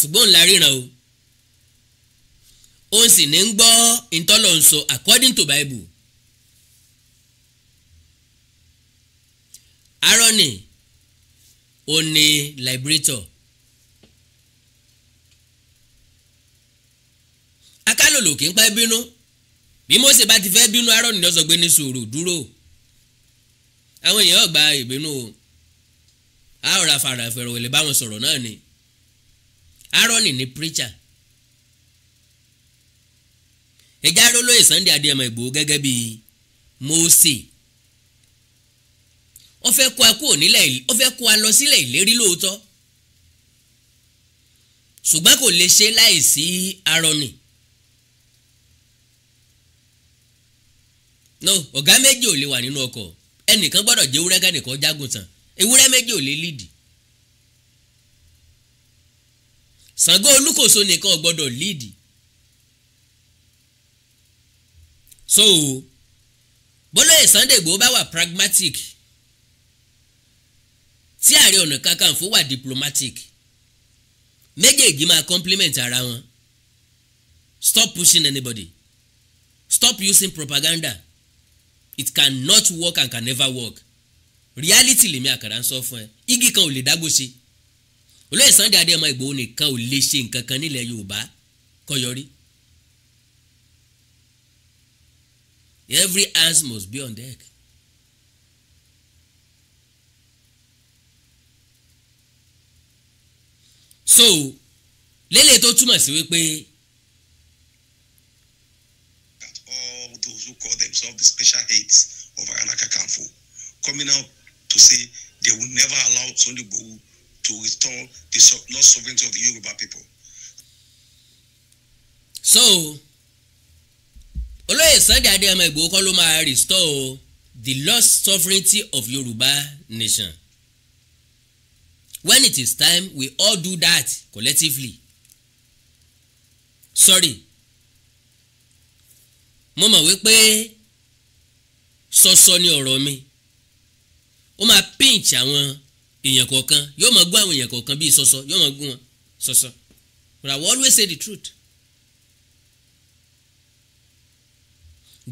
ṣùgbọ́n òun la ríran o òun sì ní ń gbọ́ ìtọ́lọ̀ according to Bible Aaroni òun ni liberator akálòlò kì í pẹ́ bínú bí Mósè bá ti fẹ́ bínú Aaroni ló sọ pé ní sùúrù dúró àwọn èèyàn gba ìbínú o a ò ra fara ìfẹ̀rọ̀wẹ̀lẹ̀ báwọn sọ̀rọ̀ náà ni. Aaron ni preacher ẹjẹ arólóyè Sunday Adéyẹmọ Ìgbòho gẹ́gẹ́ bíi Mósè ó fẹ́ kó a kúrò nílẹ̀ ó fẹ́ kó a lọ sílẹ̀ ìlérí lóòótọ́ ṣùgbọ́n kò lè ṣe láìsí arọnì no ọ̀gá méjì ò lè wà nínú ọkọ̀ ẹnìkan gbọ́dọ̀ jẹ́ ewúrẹ́ kẹ́nìkan jágùn tán ewúrẹ́ méjì ò lè lídìí Ṣàngó Olúkòso nìkan ò gbọ́dọ̀ líìdì so bólóyè Sunday Igboho bá wà pragmatic tí Ààrẹ Ọ̀nà Kakanfò wà diplomatic méjèèjì máa compliment ara wọn stop pushing anybody stop using propaganda it cannot work and can never work reality lèmi àkàrà ń sọ fún ẹ igi kan ò lè dágbó ṣe olóyè Sunday Adéyẹmọ Ìgbòho nìkan ò lè ṣe nǹkan kan nílẹ̀ Yorùbá kọyọrí every hand must be on deck. so lélẹ̀ tó túmọ̀ sí wípé. all those who call themselves the special aides of Anak Kakanfo coming out to say they will never allow Sunday Igboho to restore the lost sovereignty of the Yoruba people. So, olóyè Sunday Adéyẹmọ Ìgbòho kọ́ ló máa restore the lost sovereignty of Yoruba nation. When it is time, we all do that collectively. Sorry, mo mọ̀ wípé sọ́sọ́ ni ọ̀rọ̀ mi ó máa pinch àwọn èèyàn kọ̀ọ̀kan yóò máa gún àwọn èèyàn kọ̀ọ̀kan bíi sọ́sọ́ yóò máa gún wọn sọ́sọ́ but I will always say the truth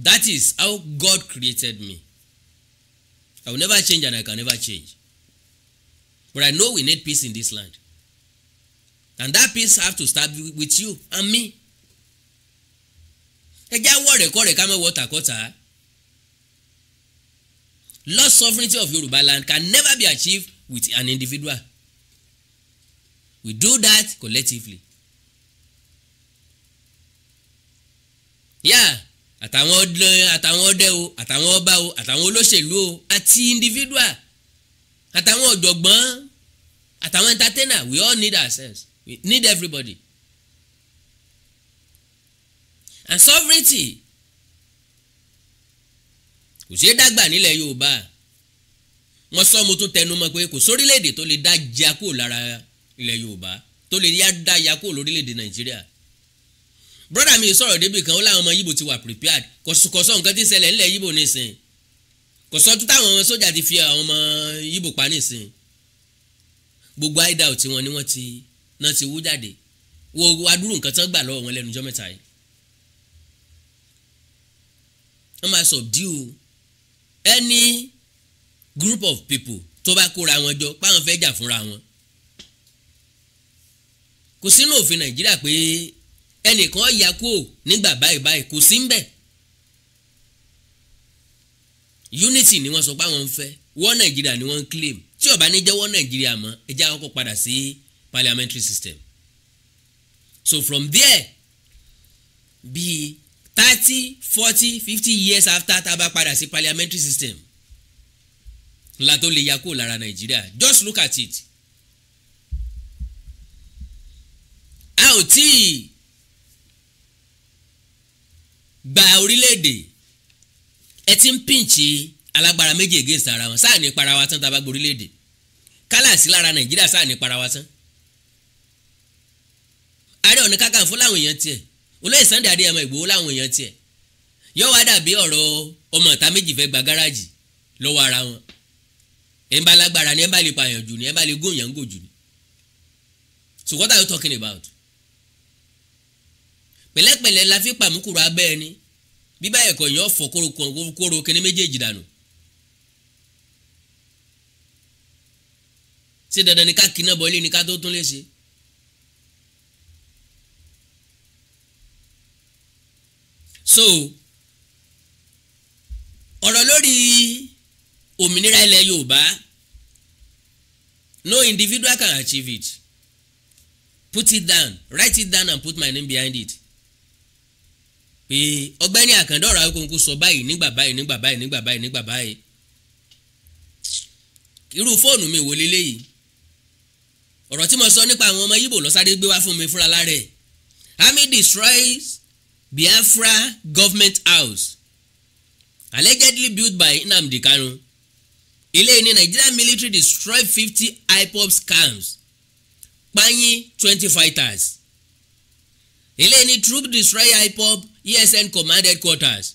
that is how God created me I will never change and I can never change but I know we need peace in this land and that peace have to start with you and me ẹ jẹ́ àwọ̀ rẹ̀ kọ́ rẹ̀ ká mọ̀ wọ́tàkọ́tà lost sovereignty of Yoruba land can never be achieved with an individual we do that collectively yeah àtàwọn ọdẹ àtàwọn ọdẹ o àtàwọn ọba o àtàwọn olóṣèlú o àti individual àtàwọn ọ̀jọ̀gbọ́n àtàwọn entertainer we all need ourselves we need everybody and sovereignty kò ṣeé dàgbà nílẹ̀ Yorùbá wọ́n sọ mo tún tẹnu mọ́ pé kò sórílẹ̀-èdè tó lè dá ja kúrò lára ilẹ̀ Yorùbá tó lè yá dá ya kúrò lórílẹ̀-èdè Nàìjíríà brọ́dà mi sọ̀rọ̀ débi kan ó láwọn ọmọ Yíbò ti wà prepared kọ̀sọ̀ nǹkan tí ń ṣẹlẹ̀ ńlẹ̀ Yíbò nísìn kọ̀sọ̀ tó táwọn sójà ti fi àwọn ọmọ Yíbò pa nísìn gbogbo aida ò tiwọn ni wọ́n ti náà ti wú jáde wo adúrú nǹkan tán gbà lọ́wọ́ wọn lẹ́nu jọ́ mẹ́ta yìí wọ́n máa subdue ẹni group of people tó bá kóra wọn jọ páwọn fẹ́ jà fúnra wọn kò sínú òfin nàìjíríà pé ẹnìkan ya kúò nígbà báyìí báyìí kò sí ń bẹ̀ unity ni wọ́n sọ pé àwọn ń fẹ́ wọ́n nàìjíríà ni wọ́n ń claim tí ó bá ní jẹ́ nàìjíríà mọ́ ẹjẹ́ àkọ́kọ́ padà sí parliamentary system so from there bíi thirty forty fifty years after tá a bá padà sí parliamentary system ńlá tó lè ya kúrò lára nàìjíríà just look at it a ò tí ì gba orílẹ̀-èdè ẹ ti ń pìǹchì alágbára méjì against ara wọn sáà ní para wa tán tá a bá gba orílẹ̀-èdè kálàsì lára nàìjíríà sáà ní para wa tán ààrẹ ọ̀nà kakanfò láwọn èèyàn tiẹ̀ olóyè Sunday Adéyẹmọ Ìgbòho láwọn èèyàn tiẹ̀ yóò wá dàbí ọ̀rọ̀ ọmọ méjì fẹ́ gba gáràjì lọ́wọ́ ara wọn ẹ̀ ń bá lágbára ni ẹ̀ ń bá lè pààyàn jù ni ẹ̀ ń bá lè góòyàn gò jù ni so what are you talking about pẹ̀lẹ́pẹ̀lẹ́ la fi pàmùkùrù abẹ́ ẹni bí báyìí ẹ̀kọ́ yẹn ọ̀fọ̀ kóró kíní méjèèjì dànù ṣé dandan ni ká kíná bọ́lé ni ká tó tún lè ṣe. so òmìnira ilẹ̀ Yorùbá no individual can achieve it put it down write it down and put my name behind it pé ọ̀gbẹ́ni Àkàndá Ọ̀rọ̀ Awíkọ́nkọ́ sọ báyìí nígbà báyìí nígbà báyìí nígbà báyìí nígbà báyìí irú fóònù mi wò leléyìí ọ̀rọ̀ tí mo sọ nípa àwọn ọmọ Yíbò ló sáré gbé wá fún mi fúnra lára ẹ̀ army destroys Biafra government house allegedly built by Nnamdi Kanu eléyìí ní Nigeria military destroy fifty IPOB camps panyin twenty fighters eléyìí ní troop destroy IPOB ESN command headquarters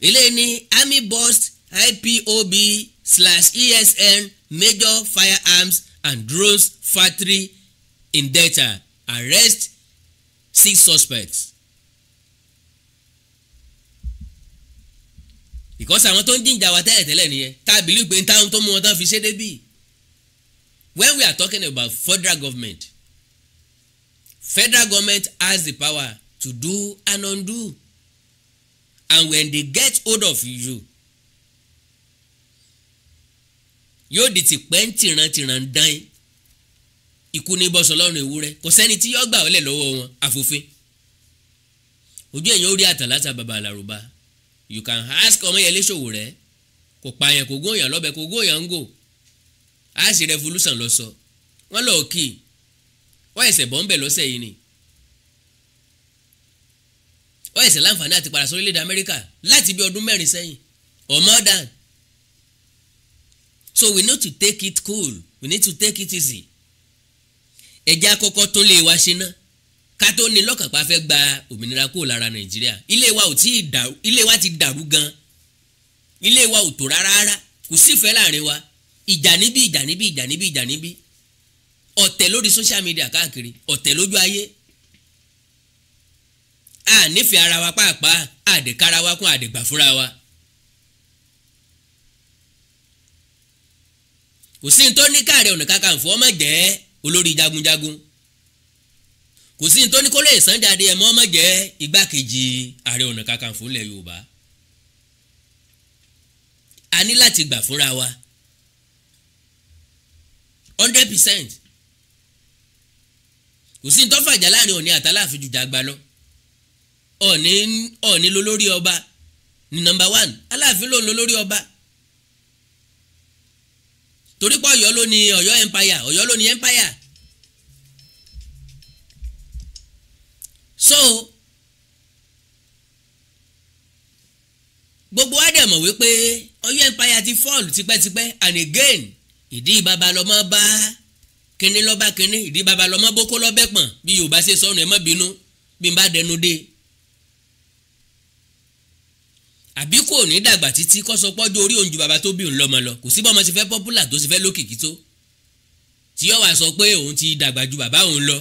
eléyìí ní army burst IPOB slash ESN major firearms and drones factory in Delta arrest six suspects because àwọn tó ń jíjà wa tẹ́lẹ̀ tẹ́lẹ̀ nìyẹn tá a believe pé táwọn tó mú wọn tán fi ṣe débì when we are talking about federal government federal government has the power to do and undo and when they get hold of you yóò di tìpẹ́ ń tìrantìran dán yín ikú ní bọ́sọ̀ lọ́rùn ewúrẹ́ kò sẹ́ni tí yọ́ọ́ gbà ọ́lẹ̀ lọ́wọ́ wọn àfòfin ojú èèyàn ó rí àtàlátà bàbá àlàrúbá you can ask Ọmọyẹlé Sowore kò pààyàn kò góòyàn lọ́bẹ kò góòyàn ń gò àṣì revolution lọ sọ wọ́n lọ kì í wọ́n ẹ̀sẹ̀ bọ́ ń bẹ̀ lọ́sẹ̀ yìí ni wọ́n ẹ̀sẹ̀ láǹfààní àti padà sórílẹ̀-èdè Amẹ́ríkà láti bí ọdún mẹ́rin sẹ́yìn or more than so we need to take it cool we need to take it easy ẹ̀jẹ̀ àkọ́kọ́ tó lè wá ṣe náà ká tó ní lọ́kàn pa fẹ́ gba òmìnira kúrò lára nàìjíríà ilé wa ò tí ì dàrú ilé wa ti dàrú gan ilé wa ò tó rárá rárá kò sífẹ́ láàrin wa ìjà níbí ìjà níbí ìjà níbí ìjà níbí ọ̀tẹ̀ lórí social media káàkiri ọ̀tẹ̀ lójú ayé a nífẹ̀ẹ́ ara wa pàápàá àdèkára wa kún àdègbà fúnra wa. kò sí ní tó ní Ààrẹ Ọ̀nà Kakanfò ọmọ jẹ́ olórí jagunjagun kò sí ní tó ní kó lóye Sunday Adéyẹmọ ọmọ jẹ́ igbákejì ààrẹ ọ̀nà kakanfò ilẹ̀ Yorùbá a ní láti gbà fúnra wa hundred percent kò sí ní tó fàjà láàrin Ọọ̀ni àtàláàfin jùjà gbà lọ Ọọ̀ni Ọọ̀ni lólórí ọba ní nọ́mbà one Aláàfin lòun lólórí ọba torí pé Ọ̀yọ́ ló ní Ọ̀yọ́ empire Ọ̀yọ́ ló ní empire so gbogbo wa dẹ̀ mọ̀ wípé Ọ̀yọ́ empire ti fall tipẹ́tipẹ́ and again ìdí baba lọ́mọ bá kínní lọ́ba kínní ìdí baba lọ́mọ boko lọ́bẹ̀ pọ̀n bí Yorùbá ṣe sọnù ẹ̀ mọ́ bínú bí n bá dẹnu dé àbí kò ní dàgbà títí kó sọ pọ́jú orí òun ju baba tó bí òun lọ́mọ lọ kò sí bọ́mọ ti fẹ́ popular tó sì fẹ́ lókìkí tó tí yóò wá sọ pé òun ti dàgbà ju bàbá òun lọ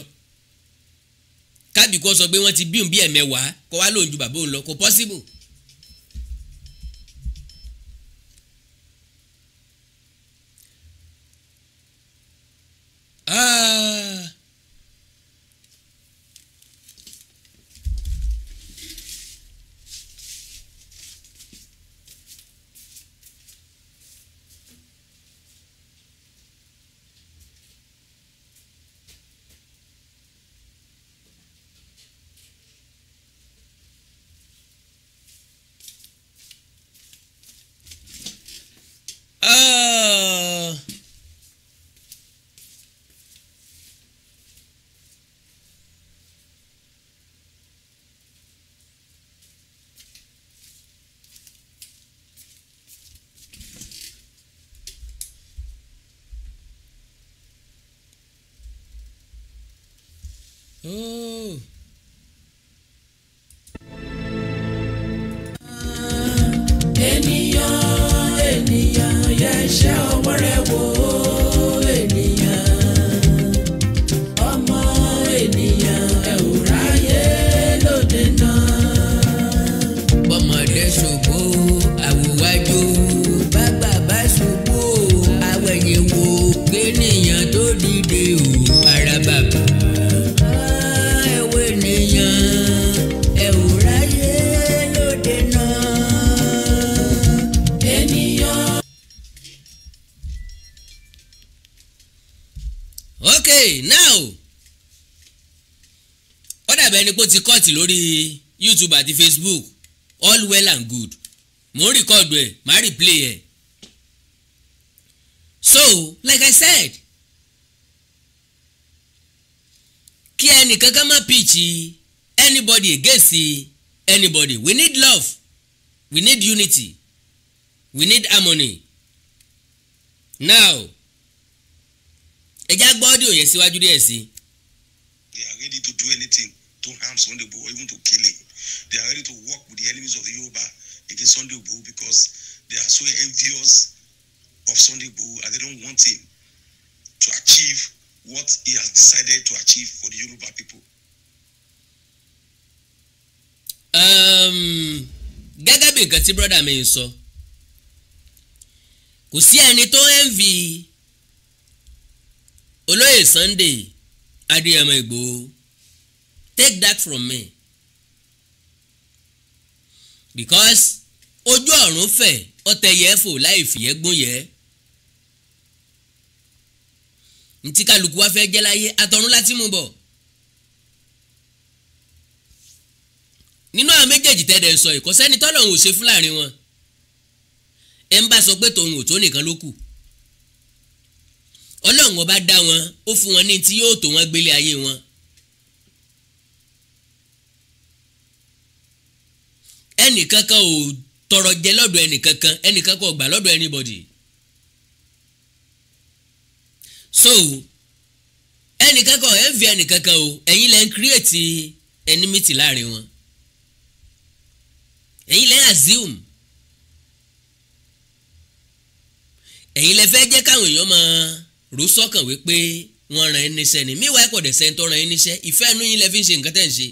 kábì kó sọ pé wọ́n ti bí òun bí ẹ̀mẹ́wàá kó wá lóun ju bàbá òun lọ kò possible. Ah. míì. ènìyàn ènìyàn yẹ ṣe o. kó ti kọ́ọ̀tì lórí YouTube àti Facebook all well and good mò ń rìkọ́ọ̀dù ẹ̀ màá rìplay ẹ̀ so like I said kí ẹnìkankan má pitch anybody against anybody we need love we need unity we need harmony now ẹ já gbọ́ ọ́dí òye síwájú díẹ̀ sí. they are ready to do anything to harm Sunday or even to kill him. They are ready to work with the enemies of the Yoruba against Sunday Igboho because they are so envious of Sunday Igboho and they don't want him to achieve what he has decided to achieve for the Yoruba people. Um, gẹ́gẹ́ bí nǹkan tí brọ́dà mi ń sọ kò sí ẹni tó envy olóyè Sunday Adéyẹmọ Ìgbòho take that from me because ojú ọ̀run fẹ̀ ọtẹ yẹ fò láì fìyẹ́ gún yẹ ntí kálukú wa fẹ́ jẹ́ láyé àtọ̀run láti mú bọ̀ nínú àwọn méjèèjì tẹ́ dẹ̀ ń sọ ìkọ́sẹ́ni tọ́lọ̀ ń ò ṣe fún láàrin wọn ẹ ń bá sọ pé tòun ò tó nìkan ló kù ọlọ́run ọba dá wọn ó fún wọn ní tí yóò tó wọn gbélé ayé wọn ẹnìkankan ò tọrọ jẹ lọ́dọ̀ ẹnìkankan ẹnìkankan ò gbà lọ́dọ̀ anybody so ẹnìkankan ò envy ẹnìkankan o ẹ̀yin lẹ́ ń create enmity láàrin wọn ẹ̀yin lẹ́ ń assume ẹ̀yin lẹ́ fẹ́ jẹ́ káwọn èèyàn máa rò sọ́kàn wípé wọ́n ran ẹni sẹ́ni míwáyé kò dẹ̀ sẹ́ni tó ran ẹni sẹ́ ìfẹ́ inú yín lẹ́ fi ń ṣe nǹkan tẹ̀ ń ṣe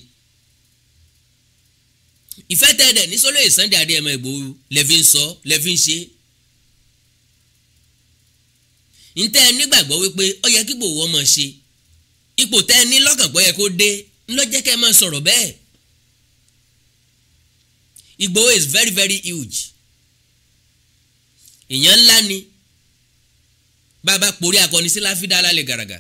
ìfẹ́ tẹ́ẹ̀dẹ̀ ní sọ́lọ́ Sunday Adéyẹmọ Ìgbòho lẹ́fi ń sọ lẹ́fi ń ṣe. ntẹ́ ẹ nígbàgbọ́ wípé ó yẹ kí Ìgbòho ọmọ ṣe ipò tẹ́ ẹ ní lọ́kànpọ̀ yẹ kó dé ńlọ́jẹ́ kẹ́ ẹ máa sọ̀rọ̀ bẹ́ẹ̀. Ìgbòho is very very huge èèyàn ńlá ni bàbá porí akọni sí láfídà alálẹ̀ gàràgà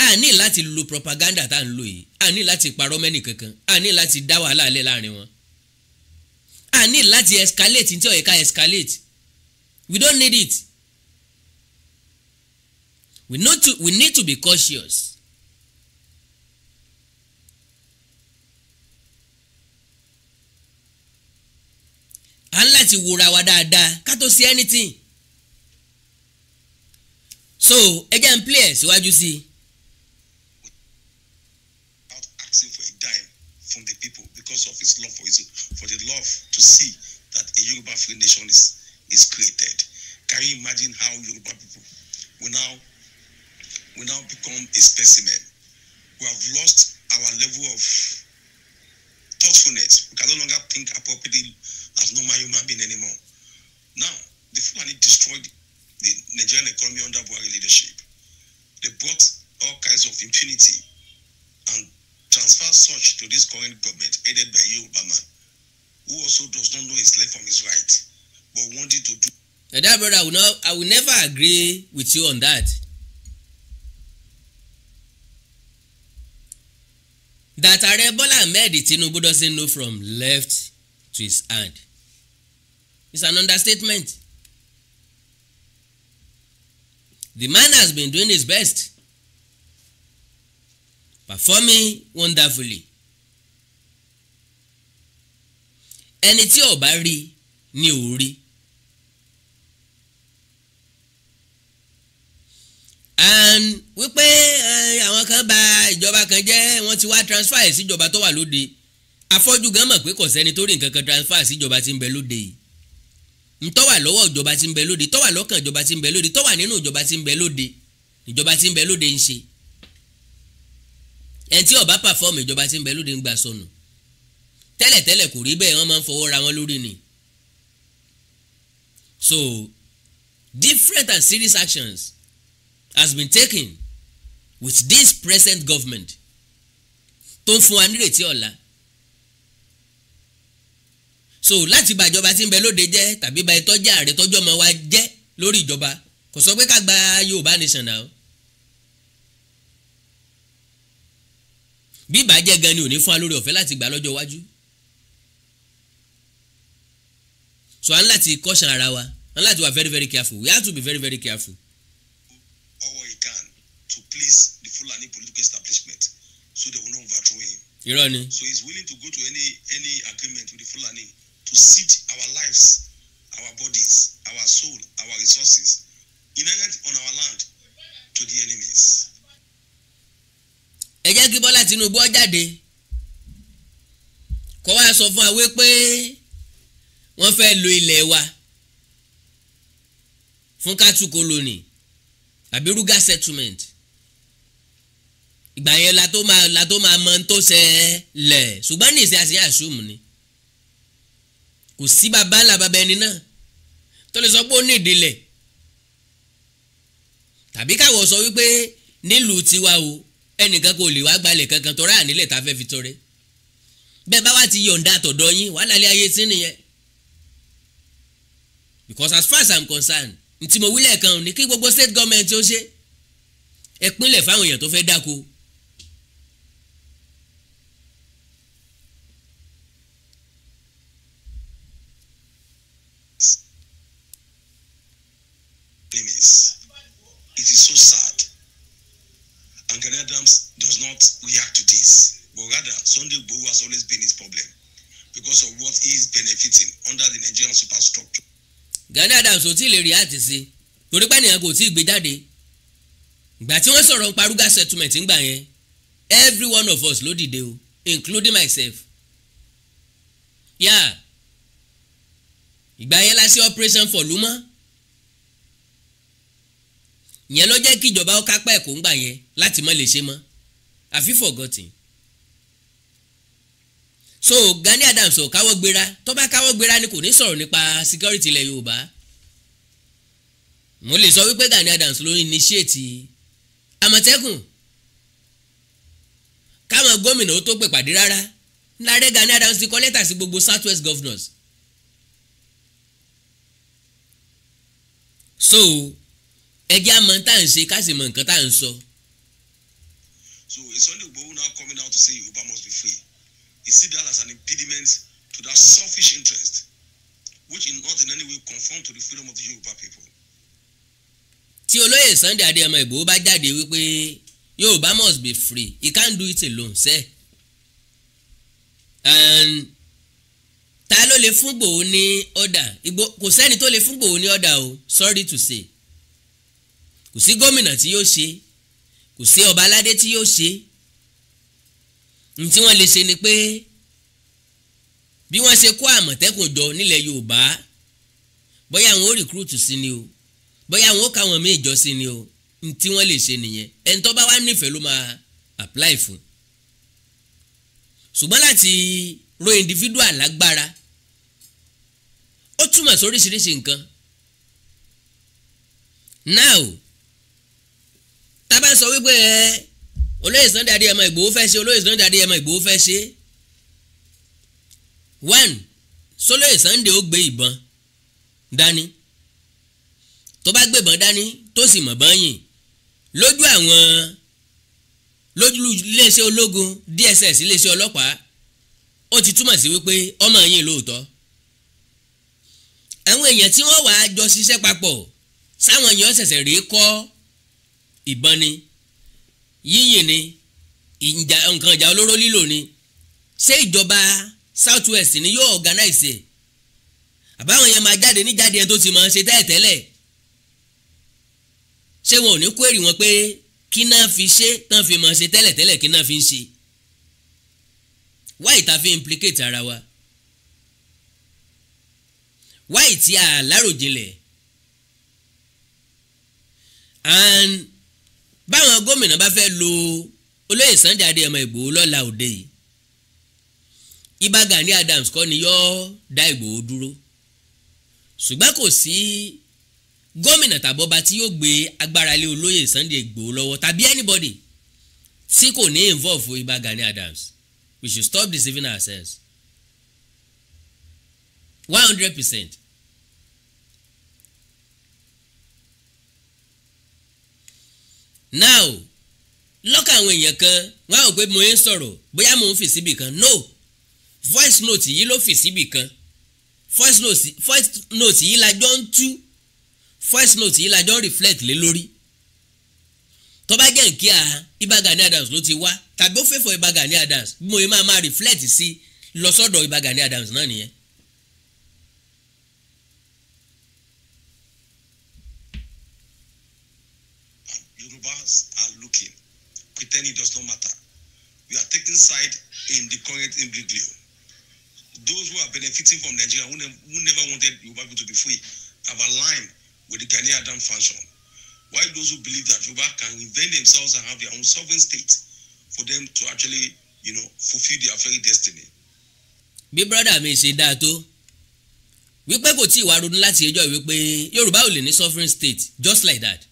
a ní láti lo propaganda tá à ń lò yìí a ní láti parọ́ mẹ́nì kankan a ní láti dá wàhálà alẹ́ láàrin wọn a ní láti escalate ní tí ó ká escalate we don't need it we need to, we need to be cautious. à ń láti wòra wa dáadáa ká tó ṣe anything so ẹ jẹ́ n play ẹ̀ síwájú sí i. from the people because of his love for his, for the love to see that a Yoruba free nation is, is created. Can you imagine how Yoruba people will now, will now become a specimen? We have lost our level of thoughtfulness. We can no longer think appropriately as normal human being anymore. Now, the Fulani destroyed the Nigerian economy under Buhari leadership. They brought all kinds of impunity and transfer such to this current government headed by Ye Obama, who also does not know his left from his right, but wanted to do. Now that brother, I will, not, I will never agree with you on that. That Ààrẹ Bọ́lá Ahmed Tinubu doesn't know from left to his hand. It's an understatement. The man has been doing his best performing wonderfully ẹni tí ò bá rí ni ò rí and wípé eh, àwọn kan bà ìjọba kan jẹ́ wọ́n ti wá transfer ẹ̀ síjọba tó wà lóde afọ́jú gan mọ̀ pé kò sẹ́ni tó rí nǹkan kan transfer síjọba tí ń bẹ lóde yìí ntọ́wà lọ́wọ́ ìjọba tí ń bẹ lóde tọ́wà lọ́kàn ìjọba tí ń bẹ lóde tọ́wà nínú ìjọba tí ń bẹ lóde ìjọba tí ń bẹ lóde ń ṣe ẹni tí ọba pàfọ́ọ̀mù ìjọba ti ń bẹ lóde ń gbà sọnù tẹ́lẹ̀tẹ́lẹ̀ kò rí bẹ́ẹ̀ wọ́n máa ń fọwọ́ ra wọn lórí ni so different and serious actions has been taken with this present government tó ń fún wa nírètí ọ̀la so láti bà ìjọba tí ń bẹ lóde jẹ́ tàbí bà ìtọ́jà rẹ̀ tọ́jú ọmọ wa jẹ́ lórí ìjọba kò sọ pé ká gba Yorùbá nation náà bí ìbàjẹ́ gan ni ò ní fún wa lórí ọ̀fẹ́ láti gbà lọ́jọ́ iwájú so a láti kọ́ṣàn ara wa a láti wà very very careful we have to be very very careful. ọwọ́ he can to please the Fulani political establishment so they will not overthrow him. irọ́ ni. so he is willing to go to any any agreement with the Fulani to cede our lives our bodies our soul our resources in on our land to the enemies ẹ jẹ́ kí Bọ́lá Tinubu ó jáde kó wá sọ fún àwé pé wọ́n fẹ́ lo ilẹ̀ wa fún kátù koloni àbí rúgà settlement ìgbà yẹn la tó máa la tó máa mọ tó ṣẹlẹ̀ ṣùgbọ́n ní ìṣe àṣẹ àṣùmù ni kò sí bàbá ńlá bàbá ẹni náà tó lè sọ pé ó ní ìdílé tàbí káwọ sọ wípé nílùú tiwa o ẹnìkan kò lè wá gbalẹ̀ kankan tọ́ra ànílẹ̀ tá a fẹ́ fi tọrẹ bẹ́ẹ̀ bá wá ti yọ̀ǹda àtọ̀dọ̀ yín wàhálà ilé ayé tí nìyẹn because as far as i'm concerned ntí mo wílẹ̀ kan ní kí gbogbo state government ó ṣe ẹ pínlẹ̀ fáwọn èèyàn tó fẹ́ dáko it is so sad. Gani Adams does not react to this, but rather Sunday Igboho has always been his problem because of what he is benefiting under the Nigerian superstructure. Gani Adams ò tí ì lè react sí torí pé ènìyàn kò tí ì gbé jáde ìgbà tí wọ́n sọ̀rọ̀ paruga settlement ń gbà yẹn every one of us ló dìde o including myself yà ìgbà yẹn la ṣe operation for Luma ìyẹn ló jẹ́ kí ìjọba ó kápá ẹ̀kọ́ ńgbà yẹn láti má lè ṣe mọ́ àfi forgotten so Gani Adams ò káwọ́ gbéra tó bá káwọ́ gbéra ni kò ní sọ̀rọ̀ nípa security ilẹ̀ Yorùbá mo lè sọ wípé Gani Adams ló ní initiate Àmọ̀tẹ́kùn káwọn gómìnà ó tó pè pàdé rárá ńláre Gani Adams ti kọ lẹ́tà sí gbogbo southwest governors so ẹjẹ́ àmọ́ tá à ṣe ká mọ nǹkan tá à sọ. So is Sunday Igboho now coming down to say Yoruba must be free? He see that as an impediment to that selfish interest, which is not in any way conform to the freedom of the Yoruba people. Tí olóyè Sunday Adéyẹmọ Ìgbòho bá jáde wípé Yorùbá must be free, he can't do it alone, sẹ́. And ta ló lè fún Ìgbòho ní ọ̀dà? Kò sẹ́ni tó lè fún Ìgbòho ní ọ̀dà o, sorry to say kò sí gómìnà tí yóò ṣe kò sí ọba aládé tí yóò ṣe ní tí wọ́n lè ṣe ni pé bí wọ́n ṣe kó àmọ̀tẹ́kùn jọ nílẹ̀ yorùbá bóyá àwọn ò rìkúrútù sí ni o bóyá àwọn ò káwọn míì jọ sí ni o ní tí wọ́n lè ṣe nìyẹn ẹni tó bá wà nífẹ̀ẹ́ ló máa apply fún ṣùgbọ́n láti ro individual lágbára ó túmọ̀ sí oríṣiríṣi nǹkan now tábà sọ wípé ẹ olóyè Sunday Adéyẹmọ Ìgbòho fẹ́ ṣe olóyè Sunday Adéyẹmọ Ìgbòho fẹ́ ṣe one sólóyè Sunday ó gbé ìbọn dání tó bá gbébọn dání tó sì mọ̀ bọ́n yìn lójú àwọn lójú iléeṣẹ́ ológun DSS iléeṣẹ́ ọlọ́pàá ó ti túmọ̀ sí wípé ọmọ yìí lóòótọ́ àwọn èèyàn tí wọ́n wàá jọ ṣiṣẹ́ papọ̀ sáwọn èèyàn ṣẹ̀ṣẹ̀ rèé kọ́ ìbọn ni yíyìn ni ìjà nǹkan ìjà olóró lílò ni ṣé ìjọba south west ni yóò organize ẹ̀ àbáwọn yẹn máa jáde níjáde yẹn tó ti máa ṣe tẹ́ẹ̀tẹ́lẹ̀ ṣé wọn ò ní kó èrè wọn pé kí náà fi ṣe tán fi máa ṣe tẹ́lẹ̀tẹ́lẹ̀ kí náà fi ń ṣe wáyì tá a fi implicate ara wa wáyì tí a láròjinlẹ̀ and báwọn gómìnà bá fẹ́ lo olóyè Sunday Adéyẹmọ Ìgbòho lọ́la òde yìí Ìbà Gani Adams kọ́ ni yọ́ dá Ìgbòho dúró ṣùgbọ́n kò sí gómìnà tàbọ̀bà tí yóò gbé agbára lé olóyè Sunday Ìgbòho lọ́wọ́ tàbí anybody tí kò ní involve Ìbà Gani Adams we should stop deceiving ourselves one hundred percent now lọ́kàn àwọn èèyàn kan wọ́n á wò pé mo ń sọ̀rọ̀ bóyá mo ń fì síbì kan no voice note yìí ló fì síbì kan voice note voice note yìí la jọ ń tú voice note yìí la jọ ń reflect lé lórí tó bá jẹ́ nkí a Ìbà Gani Adams ló ti wá tàbí ó fẹ́ fọ Ìbà Gani Adams bí mo yẹ máa máa reflect sí lọ sọ́dọ̀ Ìbà Gani Adams náà nìyẹn Gabas are looking, pretending it does not matter. We are taking side in the current imbroglio. Those who are benefiting from Nigeria, who, ne- who never wanted Yoruba people to be free, have aligned with the Ghanaian Adam function. Why those who believe that Yoruba can invent themselves and have their own sovereign state for them to actually, you know, fulfill their very destiny. Bí brọ́dà mi ṣe dáa tó, wípé kò tí ì wá ronú láti ẹjọ́ wípé Yorùbá ò lè ní sovereign state just like that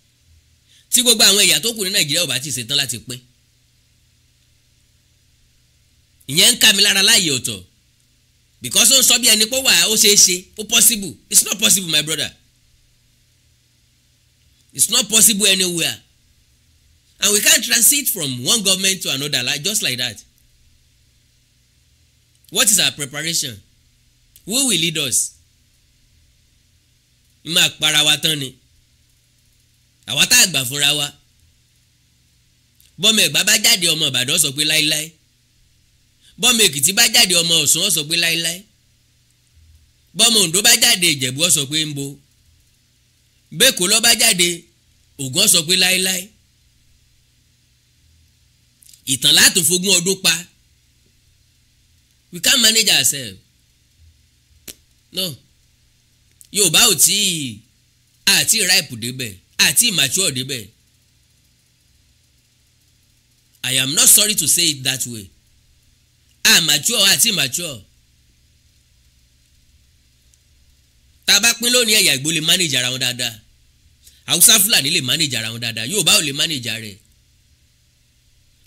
tí gbogbo àwọn ẹ̀yà tó kù ní nàìjíríà ò bá ti ṣetán láti pín ìyẹn ń ká mi lára láàyè ọ̀tọ̀ because ó ń sọ bí ẹni pọ́ wà ó ṣeé ṣe ó possible it's not possible my brother it's not possible anywhere and we can't transit from one government to another like just like that what is our preparation who will lead us? máa para wa tán ni àwa tá a gbà fúnra wa bọ́mọ ẹ̀gbá bá jáde ọmọ ìbàdàn sọ pé láéláé bọ́mọ èkìtì bá jáde ọmọ ọ̀ṣun ó sọ pé láéláé bọ́mọ oǹdó bá jáde ìjẹ̀bú ó sọ pé ń bo bẹ́ẹ̀kọ́ lọ́ bá jáde ògùn ó sọ pé láéláé ìtàn láti fogún ọdún pa we can manage ourselves no yorùbá ò tí ì àti ripe débẹ̀ àti immature débẹ̀ I am not sorry to say it that way amature àti immature tá a bá pín lónìí ẹ̀yà Ìgbò lè manage ara wọn dáadáa Haúsá Fúlàní lè manage ara wọn dáadáa Yorùbá ò lè manage ara rẹ̀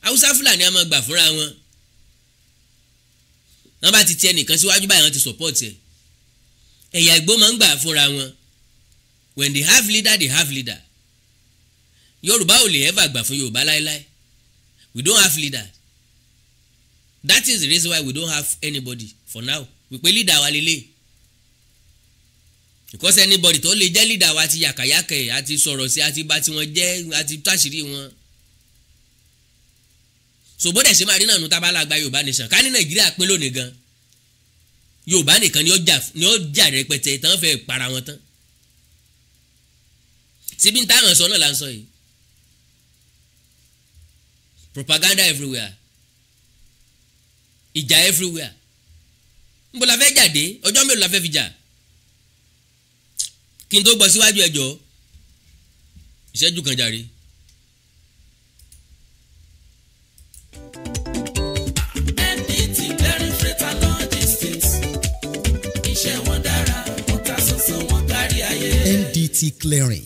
Haúsá Fúlàní a máa gbà fúnra wọn wọn bá ti ti ẹnìkan síwájú báyìí wọn ti support ẹ ẹ̀yà Ìgbò máa ń gbà fúnra wọn when they have leader they have leader yorùbá ò lè ever gbà fún yorùbá láéláé we don't have leader that is the reason why we don't have anybody for now We wípé leader wa lélẹ̀ because anybody tó lè jẹ́ leader wa ti yàkàyàkà ẹ̀ àti sọ̀rọ̀ sí àti bá tiwọn jẹ́ àti táṣìírí wọn so bó dẹ̀ ṣe máa rí náà nu tábàlà gba yorùbá nation ká ní nàìjíríà pín lónìí gan yorùbá nìkan ni ó jà rẹpẹtẹ tán fẹ́ para wọn tán síbi ń táwọn sọ náà là ń sọ yìí propaganda everywhere ìjà everywhere níbo la fẹ́ jáde ọjọ́ mélòó la fẹ́ fi jà kí n tó gbọ́ síwájú ẹjọ́ ìṣẹ́jú kan jàre. Clearing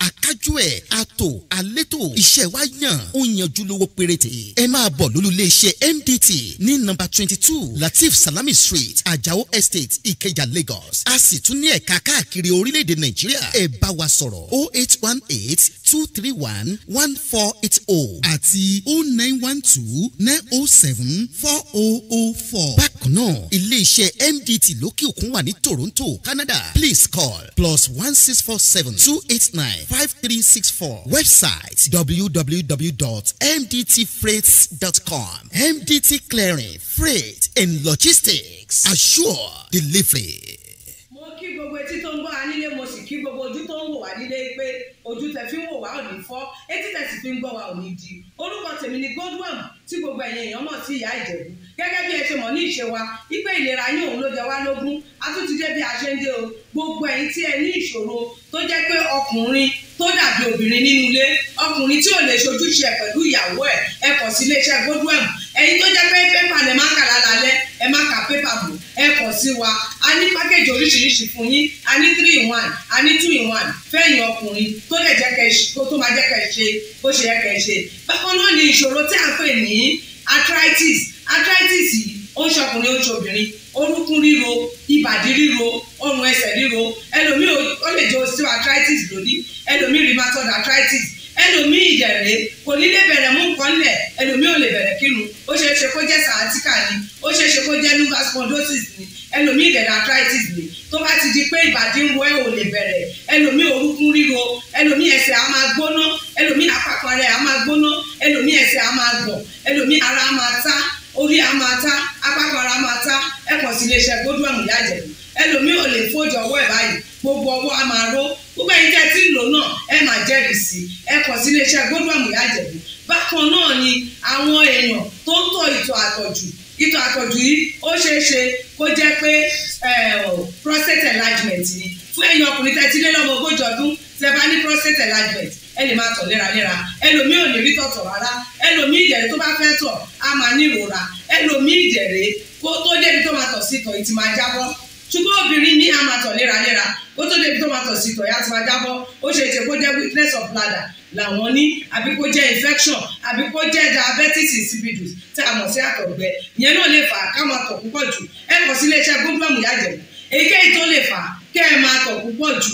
ṣáájú ẹ̀ àtò àlétò iṣẹ́ wa yàn ó yanjú lówó péréte ẹ máa bọ̀ lólulẹ̀ iṣẹ́ MDT ní nọ́mbà twenty two Latif Salami Street Ajao Estate Ikeja Lagos a sì tún ní ẹ̀ka káàkiri orílẹ̀-èdè Nàìjíríà ẹ bá wa sọ̀rọ̀ oh eight one eight two three one one four eight oh àti oh nine one two nine oh seven four oh oh four. bákan náà iléeṣẹ́ MDT lókè òkun wà ní Toronto Canada please call plus one six four seven two eight nine five three six four website www.mdtfreights.com MDT Clearing Freight and Logistics assure delivery. mo kí gbogbo etí tó ń gbọ́ wa nílé mo sì kí gbogbo ojú tó ń wò wá nílé pé ojú tẹ fi ń wò wá ò ní etí tẹ sì fi ń gbọ́ wá ò di orúkọ tèmi ni Godwin tí gbogbo ẹ̀yin èèyàn mọ̀ sí ìyá Ìjẹ̀bú gẹ́gẹ́ bí ẹ ṣe mọ̀ ní ìṣe wa wípé ìlera yín òun ló jẹ wá lógún a tún bí a ṣe ń dé o gbogbo ẹ̀yin tí ẹ ní ìṣòro tó jẹ́ pé ọkùnrin tó dàbí obìnrin nínú ilé ọkùnrin tí ò lè ṣojúṣe ẹ̀ pẹ̀lú ìyàwó ẹ̀ ẹ kàn sí iléeṣẹ́ Godwin ẹ̀yin tó jẹ́ pé pépà lè má kà lálálẹ́ ẹ má kà pépà bò ẹ kọ̀ sí wa a ní pákéjì oríṣiríṣi fún yín a ní three in one a ní two in one fẹ́yìn ọkùnrin tó lè jẹ́ kẹ́ ṣe tó máa jẹ́ kẹ́ ṣe bó ṣe yẹ kẹ́ ṣe bákan náà ni ìṣòro tí a pè ní arthritis arthritis yìí ó ń ṣọkùnrin ó ń ṣobìnrin orúkún ríro ìbàdí ríro ọrùn ẹsẹ̀ ríro ẹlòmíì ó lè jẹ́ osteo lónìí ẹlòmíì rheumatoid arthritis ẹlòmíì ìdẹ̀rẹ̀ kò ní lè bẹ̀rẹ̀ mú nǹkan lẹ̀ ẹlòmíì ò lè bẹ̀rẹ̀ kírun ó ṣeé ṣe kó jẹ́ sciatica ni ó ṣeé ṣe kó jẹ́ lumbar spondosis ni ẹlòmíì ìdẹ̀rẹ̀ arthritis ni tó bá ti di pé ìbàdí ń wọ ẹ̀ ò lè bẹ̀rẹ̀ ẹlòmíì orúkún ríro ẹlòmíì ẹsẹ̀ á máa gbóná ẹlòmíì àpapọ̀ rẹ̀ á máa gbóná ẹlòmíì ẹsẹ̀ á máa gbọ̀n ẹlòmíì ara á máa tá orí amata máa ta apákanra máa ta ẹ pọ̀ sí iléeṣẹ́ gbódú àmì ìyájẹ̀ ẹlòmíì ò lè fojú ọwọ́ ẹ̀ báyìí gbogbo ọwọ́ a máa ró gbogbo ẹ̀yin tẹ́ ti ń lò náà ẹ máa jẹ́rìí sí ẹ pọ̀ sí iléeṣẹ́ gbódú àmì ìyájẹ̀ bákan náà ni àwọn èèyàn tó ń tọ̀ ìtọ̀ àtọ̀jù ìtọ̀ àtọ̀jù yìí ó ṣeé ṣe kó jẹ́ pé prostate enlargement ni fún ẹ̀yin ọkùnrin tẹ́tí lé lọ́mọ ogójì ọdún tẹ́ bá ní prostate enlargement ẹni máa tọ̀ léraléra ẹlòmíì ò ní rí tọ̀tọ̀ rárá ẹlòmíì ìjẹ̀rẹ̀ tó bá fẹ́ tọ̀ á máa ní ìrora ẹlòmíì ìjẹ̀rẹ̀ kó tó débi tó máa tọ̀ sí tọ̀ ìtì máa jábọ́ ṣùgbọ́n obìnrin ní á máa tọ̀ léraléra kó tó débi tó máa tọ̀ sí tọ̀ ìyá ti máa jábọ́ ó ṣe ṣe kó jẹ́ weakness of bladder làwọn ní àbí kó jẹ́ infection àbí kó jẹ́ diabetes insipidus tí a mọ̀ sí àtọ̀gbẹ ìyẹn náà lè fà á ká máa tọ̀ púpọ̀ jù ẹ kọ sí iléeṣẹ́ gómìnà ìyá èyíkéyìí tó lè fà á ẹ máa tọ̀ púpọ̀ jù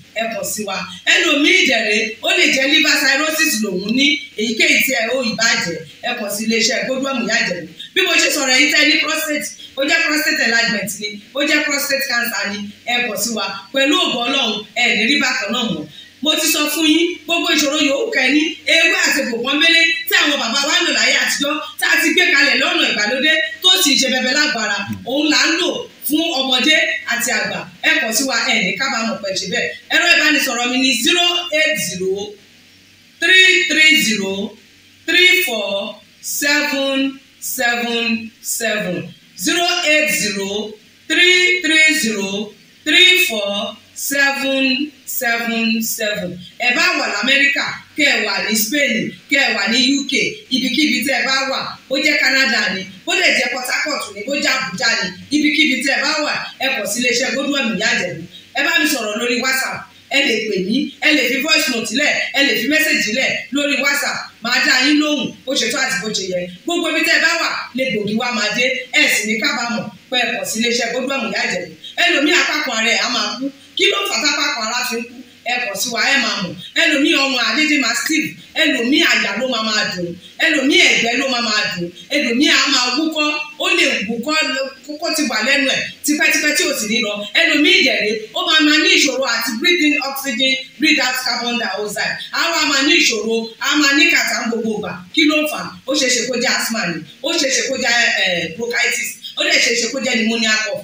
ẹ̀bọ̀ sí wa ẹlòmíì ìjẹ̀rẹ̀ ó lè jẹ́ liver cirrhosis lòun ní èyíkéyìí tí ẹ ó ìbàjẹ́ ẹ̀bọ̀ sí iléeṣẹ́ gbódúọ̀mù ìyá ìjẹ̀rẹ̀ bí mo ṣe sọ̀rọ̀ yìí tẹ́ prostate ó jẹ́ prostate enlargement ni ó jẹ́ prostate cancer ni ẹ̀bọ̀ sí wa pẹ̀lú ògbó ọlọ́run ẹ̀ ní rí bákan náà mọ̀ mo ti sọ fún yín gbogbo ìṣòro yòówù kẹ́ni ewé àtẹ̀kò pọ́nbélé tí àwọn bàbá wa lò láyé àtijọ́ tá a ti gbé kalẹ̀ lọ́nà ìgbàlódé tó sì ṣe bẹbẹ lágbára òun là ń lò fún ọmọdé àti àgbà ẹ kàn sí wa ẹ ní kábàámọ̀ pẹ̀ ṣe bẹ́ẹ̀ ẹ̀rọ ìbánisọ̀rọ̀ mi ní zero eight zero three three zero three four seven seven seven zero eight zero three three zero three four seven seven seven ẹ bá wà lamẹ́ríkà kẹ́ ẹ wà ní spain kẹ́ ẹ wà ní uk ibikíbi tẹ́ ẹ bá wà bó jẹ́ canada ni bó dẹ̀ jẹ́ port harcourt ni bó jẹ́ abuja ni ibikíbi tẹ́ ẹ bá wà ẹ kọ̀ sí iléeṣẹ́ godwin yájẹ̀bù ẹ bá mi sọ̀rọ̀ lórí whatsapp ẹ lè pè mí ẹ lè fi voice note lẹ̀ ẹ lè fi message lẹ̀ lórí whatsapp máa dá yín lóhùn bó ṣe tó àti bó ṣe yẹ gbogbo ibi tẹ́ ẹ bá wà lè gbòógì wá máa dé ẹ sì ní kábàámọ̀ pé ẹ kọ̀ sí iléeṣẹ́ godwin yájẹ̀bù ẹlòmíì apákan rẹ̀ á máa kú kí ló fà sápákan ara fi ń kú ẹ kàn sí wa ẹ máa mọ̀ ẹlòmíì ọmọ àdédé máa steve ẹlòmíì àyà ló máa máa dùn ẹlòmíì ẹ̀gbẹ́ ló máa máa dùn ẹlòmíì á máa wúkọ́ ó lè wúkọ́ kókó ti wà lẹ́nu ẹ̀ tipẹ́tipẹ́ tí ò sì ní lọ ẹlòmíì ìjẹ̀rẹ̀ ó máa máa ní ìṣòro àti breathe in oxygen breathe out carbon dioxide á wá máa ní ìṣòro á máa ní kàtà gbogbo gbà kí ló ń fà ó ṣeéṣe kó jẹ́ asthma ni ó ṣeéṣe kó jẹ́ bronchitis ó dẹ̀ ṣeéṣe kó jẹ́ pneumonia cough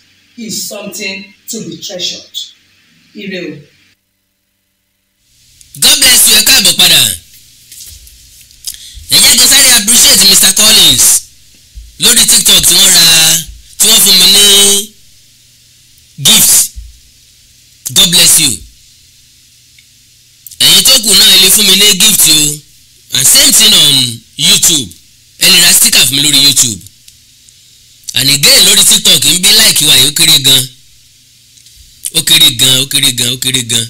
is something to be treasured. Ire o. God bless you ẹ káàbọ̀ padà ẹ jẹ́ kí sáré appreciate Mr. Collins lórí TikTok tí wọ́n ra tí wọ́n fún mi ní gift God bless you ẹ̀yin tó kù náà ẹ lè fún mi ní gift o and same thing on YouTube ẹ lè ra sticker fún mi lórí YouTube and again lórí tiktok ń bí láìkí wa yìí ó kéré gan ó kéré gan ó kéré gan ó kéré gan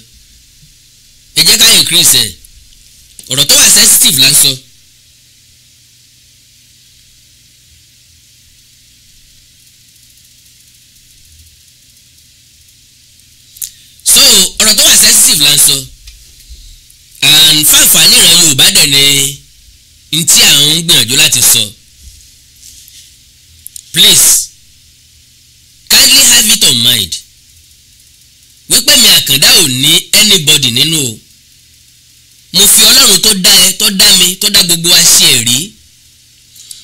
ẹ jẹ́ ká increase ẹ̀ ọ̀rọ̀ tó wà sensitive la ń sọ. So. positive la ń sọ and fáǹfààní ìran yorùbá dẹ̀ ni ntí à ń gbìyànjú láti sọ. So please kindly have it on mind wípé mi àkàndá ò ní anybody nínú o mo fi ọlọ́run tó dá ẹ tó dá mi tó dá gbogbo wa ṣe ẹ̀rí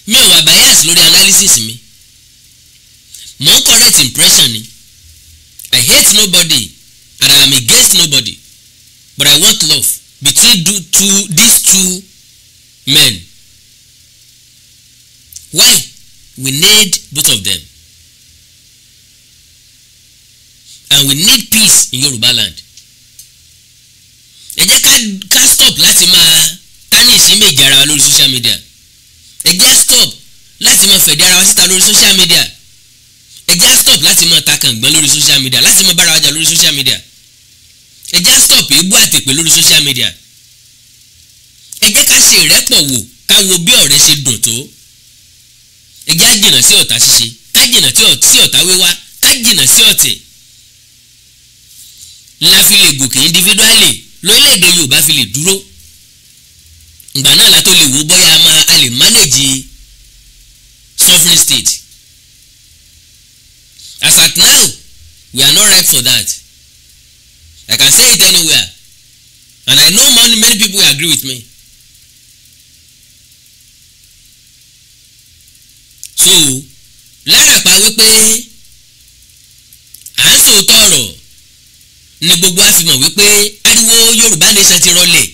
mi ò wà bias lórí analysis mi mo ń correct impression ni I hate nobody and I am against nobody but I want love between do, two, these two men why We need both of them. And we need peace in Yoruba land. Ẹ jẹ́ ká ká stop láti máa ánìsí méjì ara wa lórí social media. Ẹ jẹ́ stop láti máa fẹ̀dí ara wa síta lórí social media. Ẹ jẹ́ stop láti máa ta kàngbọ́n lórí social media láti máa bára wa jà lórí social media. Ẹ jẹ́ stop èébú àtèpè lórí social media. Ẹ jẹ́ ká ṣe ìrẹ́pọ̀ wò ká wo bí ọ̀rẹ́ ṣe dùn tó ẹ jẹ́ àjìnà sí ọ̀tá ṣíṣe ká jìnà sí ọ̀tá wíwá ká jìnà sí ọ̀tẹ̀ la fi lè gòkè individually lórílẹ̀‐èdè Yorùbá fi lè dúró ìgbà náà la tó lè wo bóyá a máa a lè manage sovereign state as at now we are not right for that I can say it anywhere and I know many many people agree with me. so láràpá wípé à ń sòótọ́ ọ̀rọ̀ ni gbogbo á fi mọ̀ wípé ariwo Yorùbá nation ti rọlẹ̀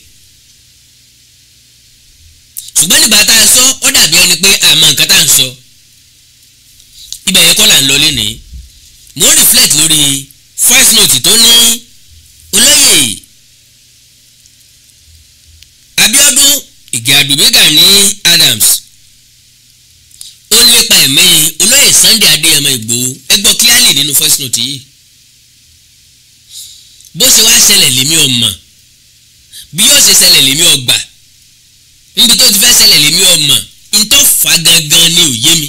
ṣùgbọ́n nígbà tá a sọ ọ́ dàbí ẹni pé àmọ́ nǹkan tá à ń sọ ibẹ̀ yẹn kọ́ là ń lọ lénìí mo reflect lórí first note tó ní first note yìí bó ṣe wá ṣẹlẹ̀ lèmi ọmọ bí yóò ṣe ṣẹlẹ̀ lèmi ọgbà níbi tó ti fẹ́ ṣẹlẹ̀ lèmi ọmọ ntọ́ fà gangan ni òye mi.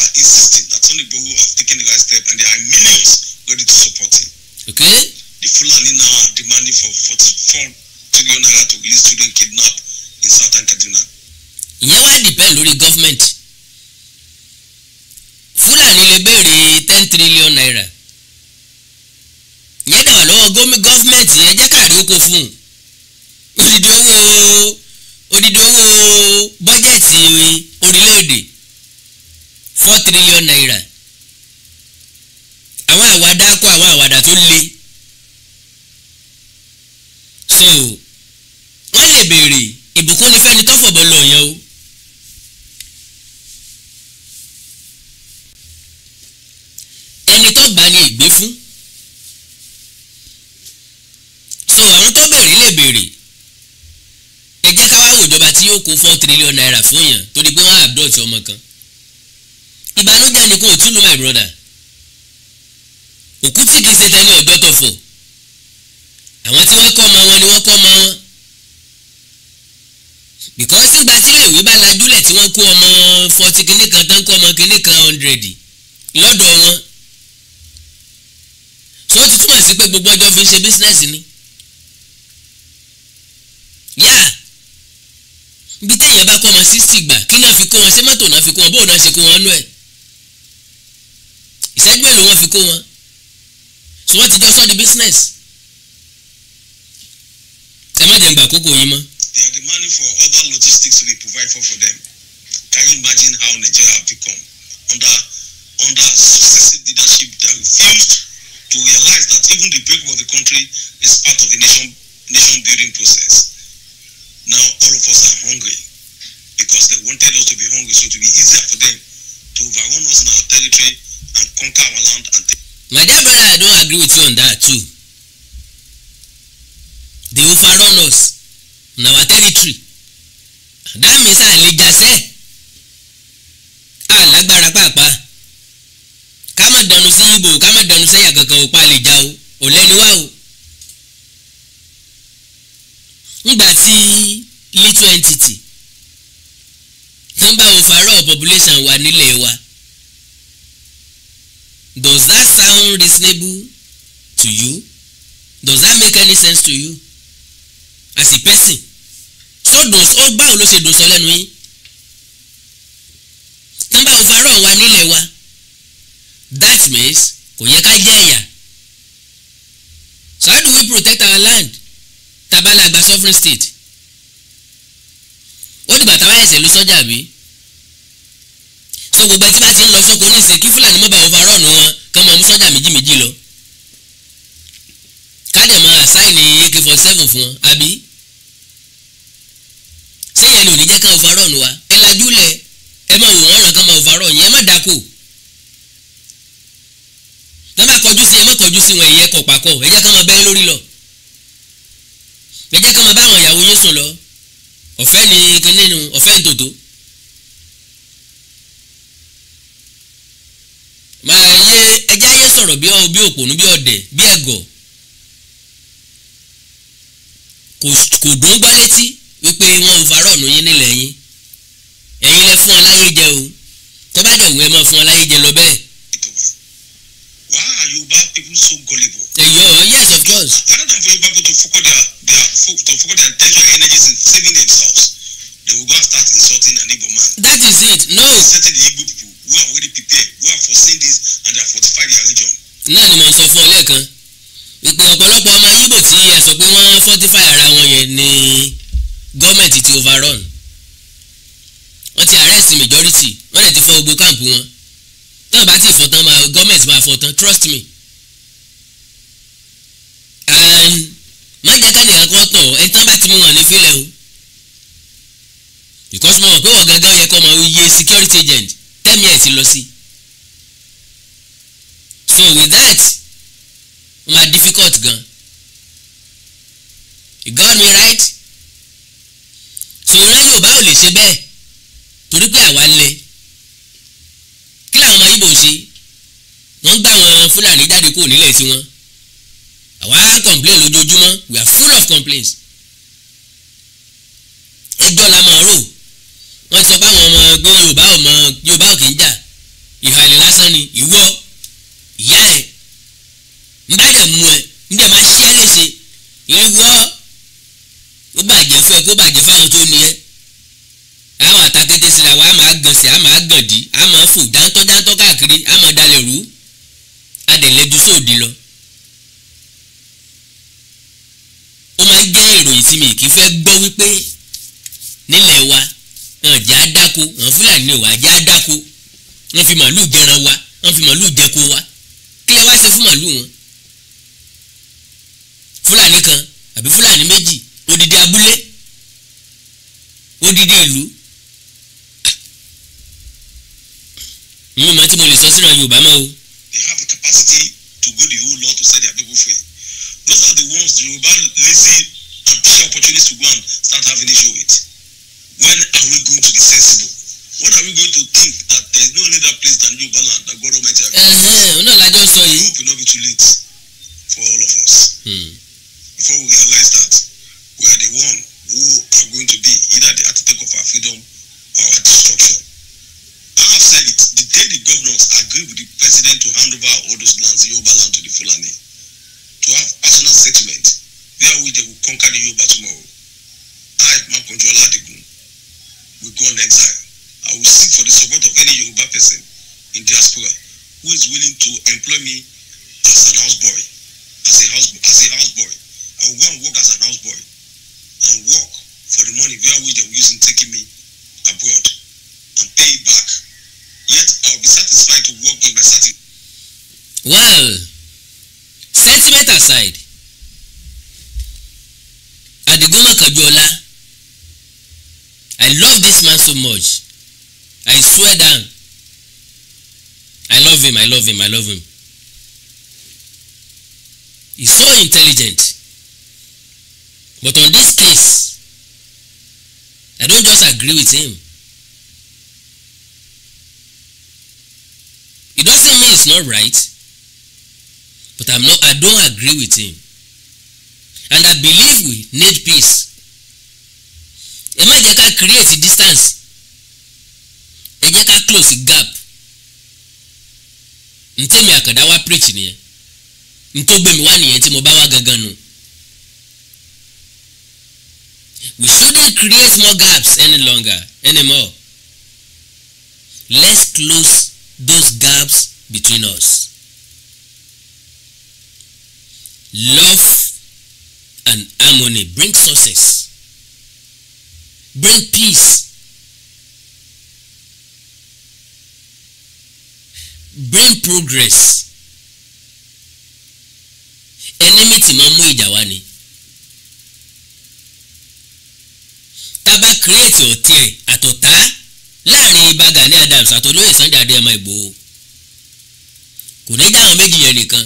I insisted that Sunday Igboho have taken the right step and there are millions ready to support him. Okay. The Fulani now are demanding for forty-four trillion naira to release children kidnapped in southern Kaduna. ìyẹn wá dìpẹ́ lórí gọ́fmẹ̀ntì. fulani le bere ten trillion naira nye dẹ̀ wà lọ́wọ́ gọ́ọ̀mẹ̀ntì yẹn jẹ́ káàrí oko fún un odidi owó odidi owó bọ́jẹ̀tì orílẹ̀-èdè four trillion naira àwọn àwàdà kó àwọn àwàdà tó le so wọ́n lè béèrè ìbùkún ní fẹ́ni tó kó four trillion naira fún yàn torí pé wọ́n abduct ọmọ kan ìbànújẹ́ ni kò tún lu my brother òkú tí kì í ṣe tẹni ọ̀dọ́ tọ̀fọ̀ àwọn tí wọ́n kọ́ ọmọ wọn ni wọ́n kọ́ ọmọ wọn because ìgbà tí ìwé bá lajúlẹ̀ tí wọ́n kó ọmọ forty kìíní kan tán kó ọmọ kìíní kan hundred lọ́dọ̀ wọn so ó ti túmọ̀ sí pé gbogbo ọjọ́ fi ń ṣe business ni yá. Yeah bí téèyàn bá kọ́ ọmọ sixty gbà kí náà fi wọn ṣé mọ́tò náà fi kó wọn bóun náà ṣe kó wọn nú ẹ̀ ìṣẹ́jú ẹ̀ ló wọ́n fi kó wọn so wọ́n ti jọ sọ́ di business ẹ má jẹ́ ń gbà àkókò yín mọ́. They are demanding for other logistics to be provided for for them. Can you imagine how Nigeria have become under under successive leadership that refused to realize that even the breakup of the country is part of the nation nation building process. Now all of us are hungry because they wanted us to be hungry, so it will be easier for them to overrun us in our territory and conquer our land and take. My dear brother, I don't agree with you on that too. They overrun us in our territory. That means I lè jàsẹ́. A lágbára pàápàá. Ká má dànù sí Ibo, ká má dànù sẹ́yà kankan, òpá lè jà o, ò lẹ́ni wá o. Ngbà entity tán bá overall population wa nílẹ̀ wa does that sound reasonable to you does that make any sense to you as a person so does ó báwo ló ṣe dùn sọ lẹ́nu yín tán bá overall wa nílẹ̀ wa that means kò yẹ ká jẹ́ ẹ̀yà so how do we protect our land tabalagba sovereign state ó dìgbà táwa ẹsẹ̀ lu sọ́jà bí so gbogbo ẹtí bá ti ń lọ sóko nísìn kí fúlàní mọ́ba overall wọn kán máa mú sọ́jà méjì méjì lọ kádẹ̀ máa àsáìnì ak forty seven fún wọn àbí sẹ́yìn ẹni ò ní jẹ́ kán overall wa ẹ lajú lẹ̀ ẹ máa wò wọ́n lọ kán máa overall yẹn ẹ má dáko tọ́ bá kọjú sí ẹ má kọjú sí wọn ẹ̀yẹ kọ̀pàkọ̀ ẹ jẹ́ kán máa bẹ́ẹ́ lórí lọ ẹ jẹ́ kán máa bá àwọn ìyàwó yín sùn lọ ọ̀fẹ́ ni kinní nu ọ̀fẹ́ ìdòdó máa yé ẹjẹ́ ayé sọ̀rọ̀ bí ọ bí òpònú bí ọ̀dẹ̀ bí ẹ̀gọ̀ kò dùn gbọ́ létí wípé wọn ò farọ́ ọ̀nà yín nílẹ̀ yín ẹ̀yin lẹ fún ọ láyé jẹ o tọ́bádọ̀ òun ẹ máa fún ọ láyé jẹ lọ bẹ́ẹ̀. Yoruba people so gullible? The Yoruba, yes, of course. Rather don't for Yoruba people to focus their, their to focus their attention and energies in saving themselves, they will go and start insulting an Igbo man. That is it. No. Insulting the Igbo people who are already prepared, who are foreseen this and they have fortified their religion. Náà ni mo sọ fún ọ lẹ́ẹ̀kan. Ìpè ọ̀pọ̀lọpọ̀ ọmọ Yíbò tí ẹ sọ pé wọ́n fortify ara wọn yẹn ni gọ́ọ̀mẹ̀ntì ti overrun. Wọ́n ti arrest majority. Wọ́n lè ti fọ́ gbogbo káàmpù wọn. Tí wọ́n bá ti fọ́ tán, gọ́ọ̀mẹ̀ntì máa fọ́ tán. Trust me. má jẹ́ ká nìkan kan tọ̀ ẹ̀ tán bá ti mú wọn ní fílẹ̀ o because mo mọ̀ pé wọ́n gangan yẹ kó mọ iye security agent ten years lọ sí so with that ó máa difficult gan you got me right so ìran Yorùbá ò lè ṣe bẹ́ẹ̀ torí pé àwa ń lẹ kí làwọn ọmọ Ìgbò ṣe wọ́n gbà wọn Fúlàní jáde kúrò nílẹ̀ tiwọn àwa complain lójoojúmọ́ we are full of complaints ẹjọ́ la máa rò wọ́n sọ fáwọn ọmọ pé yorùbá ọmọ yorùbá ò kì í jà ìhàlẹ̀ lásán ni ìwọ ìyá ẹ̀ ń bá dẹ̀ mú ẹ ń dẹ̀ máa ṣí ẹ léṣe ìwọ ó bàjẹ́ fún ẹ kó bàjẹ́ fáwọn tó ní ẹ àwọn àtàkété síra wa máa gàn sí who is willing to employ me as an houseboy, as a houseboy, as a houseboy. I will go and work as an houseboy and work for the money via which they were using taking me abroad and pay it back. Yet I'll be satisfied to work in my certain. Well, sentiment aside, Adigoma Kajola, I love this man so much. I swear down him, I love him. He's so intelligent. But on this case, I don't just agree with him. It doesn't mean it's not right, but I'm not, I don't agree with him. And I believe we need peace. Ẹ má jẹ́ ká distance. Ẹ jẹ́ ká close gap ìtẹ́mi àkàndá wá preach nìyẹn ntógbèmí wá nìyẹn tí mo bá wá gangan nù. we shouldn't create more gaps any longer anymore let's close those gaps between us love and harmony bring success bring peace progress enmity máa ń mú ìjà wá ni tá create ọ̀tẹ̀ àtọ̀tá láàrin Ìbà Gani Adams àtolóyè Sunday Adéyẹmọ Ìgbòho kò ní dáhùn méjì yẹn nìkan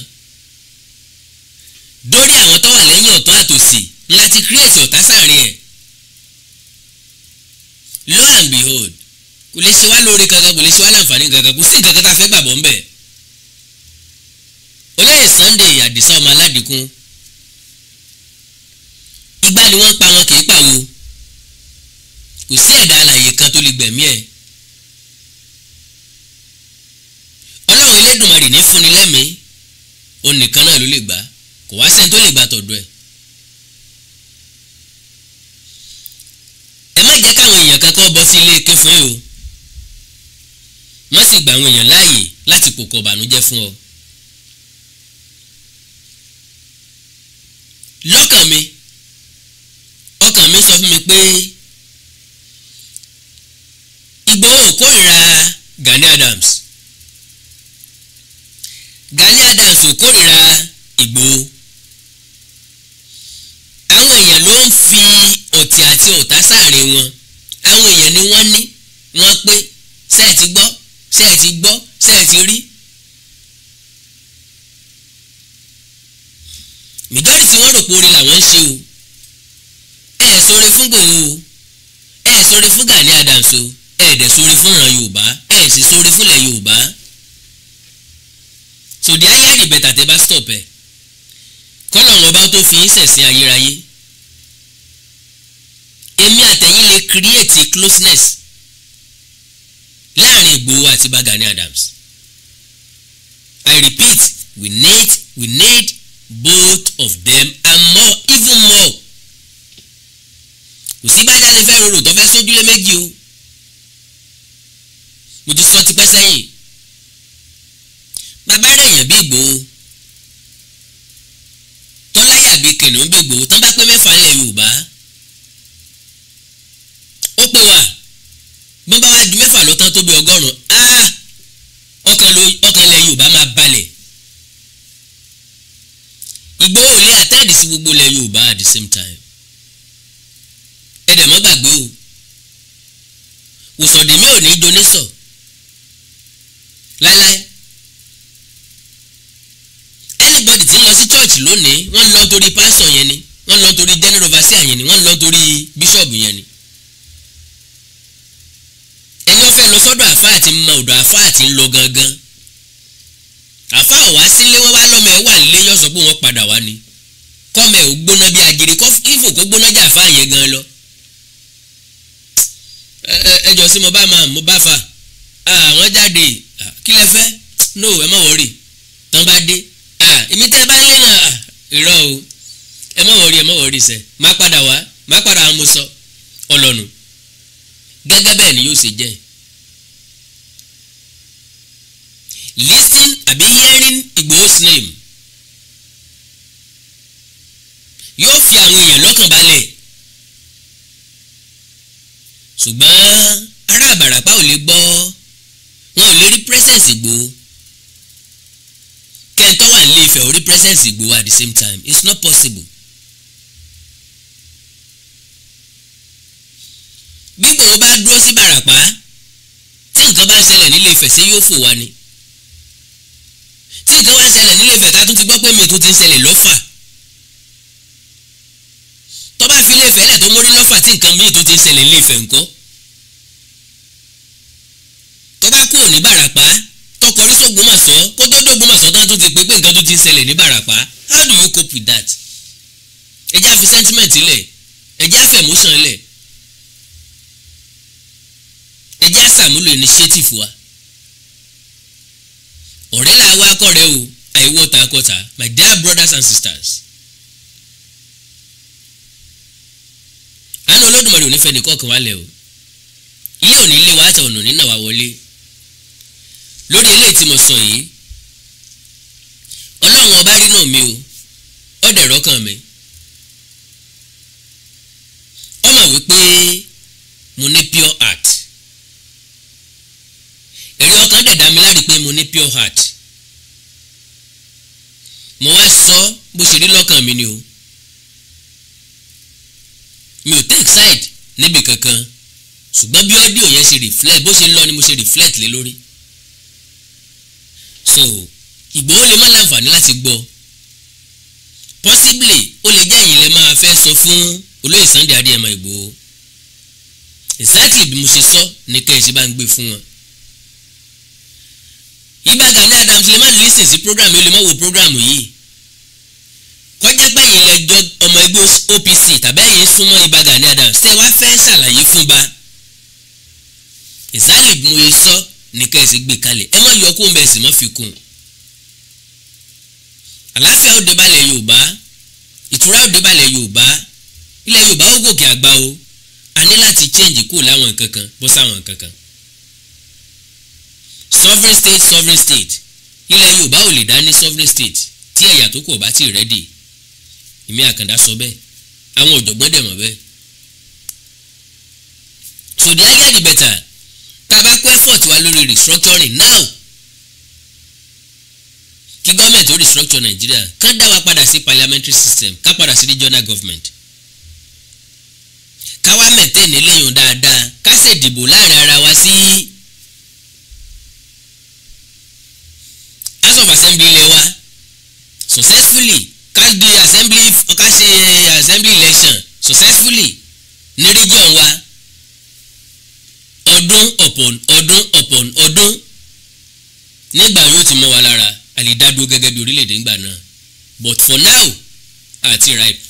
dórí àwọn tó wà lẹ́yìn ọ̀tún àtòsì ńlá ti create ọ̀tá sáàrin ẹ̀ lo and behold kò lè ṣe wá lórí kankan kò lè ṣe wá láǹfààní kankan kò sí nǹkan kan tá a fẹ́ gbàgbọ́ ńbẹ̀ olóyè Sunday Àdìsá ọmọ aládìkún igbá ni wọ́n ń pa wọn kì í pàwo kò sí ẹ̀dá alàyè kan tó lè gbẹ̀mí ẹ̀ ọlọ́run Elédùmarè ní fúnni lẹ́mìí òun nìkan náà ló lè gbà kò wá sẹ́ni tó lè gbà tọ̀dọ̀ ẹ̀. ẹ má jẹ́ káwọn èèyàn kankan bọ́ sí ilé ike fún yìí o má sì gba àwọn èèyàn láàyè láti pòkọ̀ bànújẹ́ fún ọ. lọ́kàn mi ọkàn mi sọ fún mi pé Ìgbòho kórìíra Gani Adams Gani Adams ò kórìíra Ìgbòho àwọn èèyàn ló ń fi ọ̀tí àti ọ̀tá sáàrin wọn àwọn èèyàn ni wọ́n ní wọ́n pé ṣé ẹ ti gbọ́ ṣé ẹ ti gbọ́ ṣé ẹ ti rí majority wọn rò pé orin làwọn ń ṣe o ẹ ẹ sọre fún Ìgbòho o ẹ ẹ sọre fún Gani Adams o ẹ ẹ dẹ̀ sọre fún ìran Yorùbá ẹ ẹ sì sọre fúnlẹ̀ Yorùbá so the higher the better tẹ bá stop ẹ kọ́nà wọn bá tó fi ń ṣẹ̀sìn ayérayé èmi àtẹ̀yìn lè create a closeness láàrin Ìgbòho àti bá Gani Adams I repeat we need we need both of them and more even more kò sí bá jáde fẹ́ rorò tó fẹ́ sójúlé méjì o mo ti sọ tipẹ́ sẹ́yìn bàbá rẹ̀ èèyàn bí Ìgbòho tọ́láyà bí kìnìún bí Ìgbòho tán bá pé mẹ́fà lẹ̀ Yorùbá ó pé wà bí wọ́n bá wá ju mẹ́fà lọ tán tó bí ọgọ́rùn-ún Ìgbòho lè àtàdì sí gbogbo ilẹ̀ Yorùbá at the same time ẹ dẹ̀ mọ́ gbàgbé o wòsàndínmí ò ní í donésọ̀ láéláé anybody tí ń lọ sí church lónìí wọ́n ń lọ torí pastor yẹn ni wọ́n ń lọ torí general overseer yẹn ni wọ́n lọ torí bishop yẹn ni ẹ̀yin ọ̀fẹ́ lọ sọ́dọ̀ àfáà tí ń mọ ọ̀dọ̀ àfáà tí ń lọ gangan àfa ọ̀wá sílé wọn wá lọ́mọ ẹ̀ wà nílé yọ̀sọ̀ pé wọ́n padà wá ni kọ́mọ ẹ̀ ò gbóná bí àjèrè kífò kó gbóná jà àfa yẹn gan lọ. ẹ sí mo bá máa mo bá fa àwọn jáde kí lẹ fẹ́ no ẹ má wọrí tán bá dé èmi tẹ́ bá lé náà irọ́ o ẹ má wọrí ẹ má wọrí sẹ́ má padà wá má padà wá mo sọ ọlọ́nu gẹ́gẹ́ bẹ́ẹ̀ ni yóò ṣe jẹ́ ẹ̀ listening àbí hearing Igboho's name yóò fi àwọn èèyàn lọ́kàn balẹ̀ ṣùgbọ́n ará àbàràpá ò lè gbọ́ wọn ò lè rí presence Igboho kẹ́ńtọ́ wà nílé Ifẹ̀ ò presence Igboho at the same time it's not possible. bí Igboho bá dúró sí bàràpá tí nǹkan bá ṣẹlẹ̀ nílé Ifẹ̀ ṣé yóò fò wá ni tí nǹkan wá ṣẹlẹ̀ nílé Ifẹ̀ tá tún ti gbọ́ pé mi ti ń ṣẹlẹ̀ lọ́fà tó bá fi lẹ̀ tó mórí lọ́fà tí nǹkan míì tó ti ń ṣẹlẹ̀ nílé Ifẹ̀ ńkọ́ tó bá kúrò ní Bàràpá tó kọrí s'Ògbómọ̀ṣọ́ kó tó d'Ògbómọ̀ṣọ́ tán tó ti pé pé nǹkan tó ti ń ṣẹlẹ̀ ní Bàràpá how do you cope with that ẹ jẹ́ àfi sentiment lẹ̀ ẹ jẹ́ àfẹ́ emotion lẹ̀ ẹ jẹ́ àṣàmúlò initiative wa ọ̀rẹ́ là wá kọ̀rẹ́ o àìwọ́ takọta my dear brothers and sisters. àánú olódùmarè ò ní fẹ́ nìkan kan wálẹ̀ o ilé ò ní lé wa àtà ọ̀nà nínà wa wọlé lórí eléyìí tí mo sọ yìí ọlọ́run ọba rí náà mi o ọ̀dẹ̀ rọ́kàn mi ọmọ wípé mo ní pure heart jẹ́rìí pé mo ní pure heart mo wá sọ bó ṣe rí lọ́kàn mi ni o mi ò take side níbi kankan ṣùgbọ́n bí ọ́díò yẹn ṣe reflect bó ṣe lọ ni mo ṣe reflect lé lórí so Ìgbòho lè má láǹfààní láti gbọ́ possibly ó lè jẹ́ ẹ̀yin lè máa fẹ́ sọ fún olóyè Sunday Adéyẹmọ Ìgbòho exactly bí mo ṣe sọ ni kẹ́ ẹ̀ bá ń gbé fún wọn. Yinka Gani Adams lè má lísìn sí programu yìí lè má wo programu yìí kọjá pé ẹ̀yin lẹ́jọ́ ọmọ ẹgbẹ́ OPC tàbí ẹ̀yin súnmọ́ Ìbà Gani adam. tẹ́ wá fẹ́ ṣàlàyé fún ba ìsàlẹ̀ mo yẹ sọ nìkan ẹ̀sìn gbé kalẹ̀ ẹ má yọ kó bẹ́ẹ̀ sì má fi kún àlàáfíà ó dé balẹ̀ Yorùbá ìtura ó dé balẹ̀ Yorùbá ilẹ̀ Yorùbá ó gòkè àgbà o a ní láti change kó láwọn kankan bọ́ sáwọn kankan sovereign state sovereign state ilẹ̀ yorùbá ò lè dá ní sovereign state tí ẹ̀yà tó kù ọ̀bá tí rẹ́dì ìmí àkàndá sọ bẹ́ẹ̀ àwọn ọ̀jọ̀gbọ́n dẹ̀ mọ̀ bẹ́ẹ̀. so the idea the better tá a bá kó effort wa lórí restructuring now kí gọ́ọ̀mẹ̀ntì ó restructure nàìjíríà ká dá wa padà sí parliamentary system ká padà sí regional government ká wá maintain eléyìí dáadáa ká sì dìbò láàrin ara wa sí. Si house of assembly lẹ wa successfully ká di assembly ká ṣe assembly election successfully ní region wa ọdún upon ọdún upon ọdún nígbà yóò ti mọ́ wa lára a lè dá dúró gẹ́gẹ́ bí orílẹ̀-èdè ńgbà náà but for now àti ripe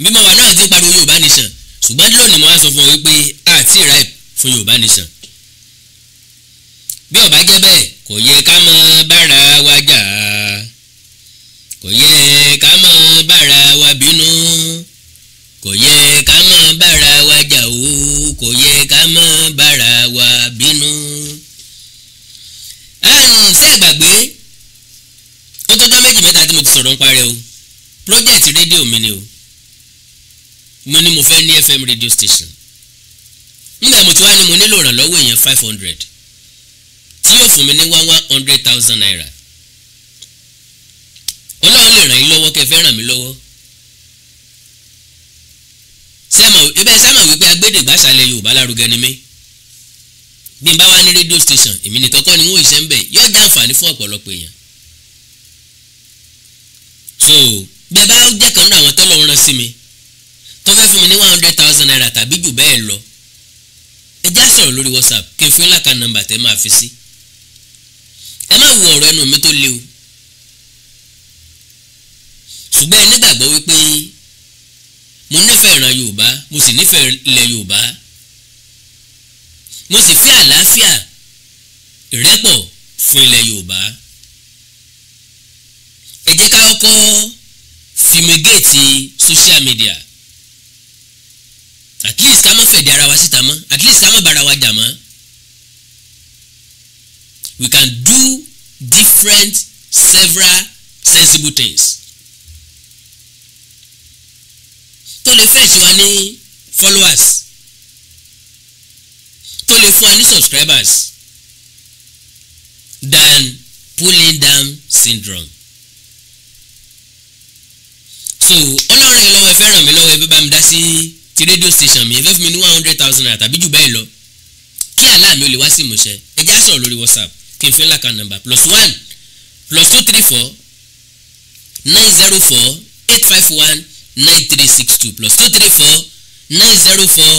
bí mo wà náà ti pariwo Yorùbá nation ṣùgbọ́n lónìí mo wá sọ fún ọ wípé àti ripe fún Yorùbá nation bí ó jẹ́ bẹ́ẹ̀ kò yẹ ká mọ bára wa jà kò yẹ ká mọ bára wa bínú kò yẹ ká mọ bára wa jà o kò yẹ ká mọ bára wa bínú. àǹsẹ́ àgbàgbé ó tọ́jọ́ méjì mẹ́ta tí mo ti sọ̀rọ̀ ń parẹ́ o project radio mi ni o mo ní mo fẹ́ ní fm radio station nígbà mo ti wá ní mo nílò ìrànlọ́wọ́ èèyàn five hundred yóò fún mi ní wá one hundred thousand naira ọlọ́run lè ràn yín lọ́wọ́ kẹ́ ràn mí lọ́wọ́ ibẹ̀ sẹ́mọ̀ wípé agbẹ́dẹ̀gbàsálẹ̀ yorùbá lárugẹ ni mí bí n bá wá ní rédíò station èmi nìkan kọ́ ni wọ́n ìṣe ń bẹ̀ yóò jẹ́ àǹfààní fún ọ̀pọ̀lọpọ̀ èèyàn so bí ẹ bá jẹ́ kan náà àwọn tọ́lọ̀ ń rán sí mi tó fẹ́ fún mi ní one hundred thousand naira tàbí jù bẹ́ẹ̀ lọ ẹ já sọ̀rọ̀ lórí whatsapp kí n fún yín láka nọ́mbà tẹ́ máa fi sí ẹ má wo ọ̀rọ̀ ẹnu mi tó le o ṣùgbọ́n ẹ nígbàgbọ́ wípé mo nífẹ̀ẹ́ ìran Yorùbá mo sì nífẹ̀ẹ́ ilẹ̀ Yorùbá mo sì fẹ́ àlàáfíà ìrẹ́pọ̀ fún ilẹ̀ Yorùbá ẹ jẹ́ ká kọ́kọ́ fìmígéètì social media at least ká má fẹ̀dẹ̀ ara wa síta mọ́ at least ká má bára wa jà mọ́ we can do different several sensible things. tó lè fẹ́ ṣe wa ní followers tó lè fún wa ní subscribers than pulling down syndrome. so ọlọ́run ẹ lọ́wọ́ ẹ fẹ́ ràn mí lọ́wọ́ ẹ bí bá mi dá sí ti rédíò station mi ẹ fẹ́ fún mi ní one hundred thousand naira tàbí jù bẹ́ẹ̀ lọ kí àlá mi ò lè wá sí ìmúṣẹ ẹ já sọ̀rọ̀ lórí whatsapp kí n fẹ́ làkà nàmbà plus one plus two three four nine zero four eight five one nine three six two plus two three four nine zero four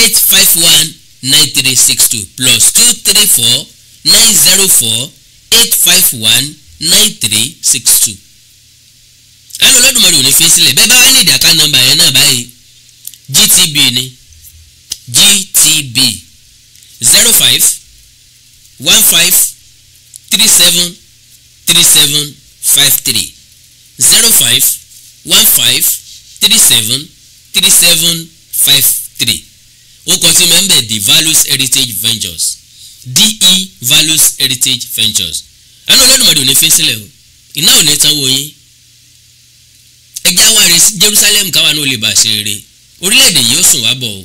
eight five one nine three six two plus two three four nine zero four eight five one nine three six two. àwọn olódùmarè ò ní fi sílẹ̀ bẹ́ẹ̀ bá wá ní ìdàkà nàmbà yẹn náà báyìí gtb ni gtb zero five one five three seven three seven five three zero five one five three seven three seven five three ó kọ sí the values heritage ventures de values heritage ventures àná ọlọ́dúnmọ̀dé ò ní fi sílẹ̀ o iná ò ní tanwó yín ẹjẹ́ àwa rẹ̀ Jerusalem káwa náà lè bà ṣe rere orílẹ̀-èdè yìí ó sùn wá bọ̀ o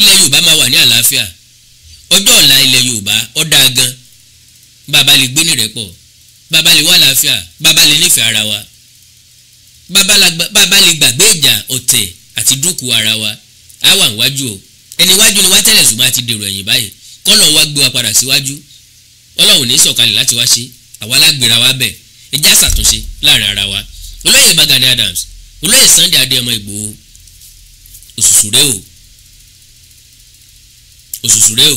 ilẹ̀ Yorùbá máa wà ní àlàáfíà ọjọ́ ọ̀la ilẹ̀ Yorùbá ó dáa gan bàbá lè gbé nírẹ́pọ̀ bàbá lè wà láàfíà bàbá lè nífẹ̀ẹ́ ara wa bàbá lè gbàgbé ìjà ọ̀tẹ̀ àti dúkù ara wa á wà níwájú o ẹni iwájú ni wá tẹ́lẹ̀ ṣùgbọ́n a ti dèrò ẹ̀yìn báyìí kọ́nà wa gbé wa padà síwájú ọlọ́run ní sọ̀kalẹ̀ láti wá ṣe àwa lágbèrè wa bẹ̀ ẹjẹ́ àṣàtúnṣe láàrin ara wa olóyè Gani Adams olóyè Sunday Adéyẹmọ Ìgbòho òṣùṣùrẹ́ o òṣùṣùrẹ́ o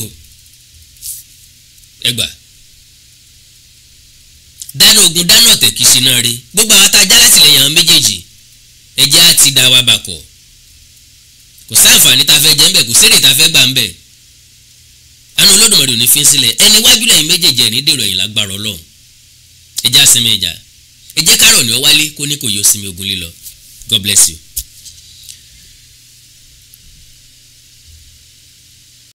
ẹgbàá dáná ogun dáná ọ̀tẹ̀ kì í ṣe náà rí gbogbo àwọn tá a já látìlẹyìn àwọn méjèèjì ẹjẹ́ á ti dá wa bàkọ̀ kò sáǹfààní tá a fẹ́ jẹ́ ńbẹ̀ kò sẹ́rẹ̀ tá a fẹ́ gbà ńbẹ̀ àánú olódùmarè ò ní fi ń sílẹ̀ ẹni wájú lẹ́yìn méjèèjì ẹ̀ní dèrò ẹ̀yìn lágbára ọlọ́run ẹjẹ́ á sinmi ìjà ẹjẹ́ kárọ̀ ni ọ wálé kó ní kò yóò sinmi ogun lílọ God bless you.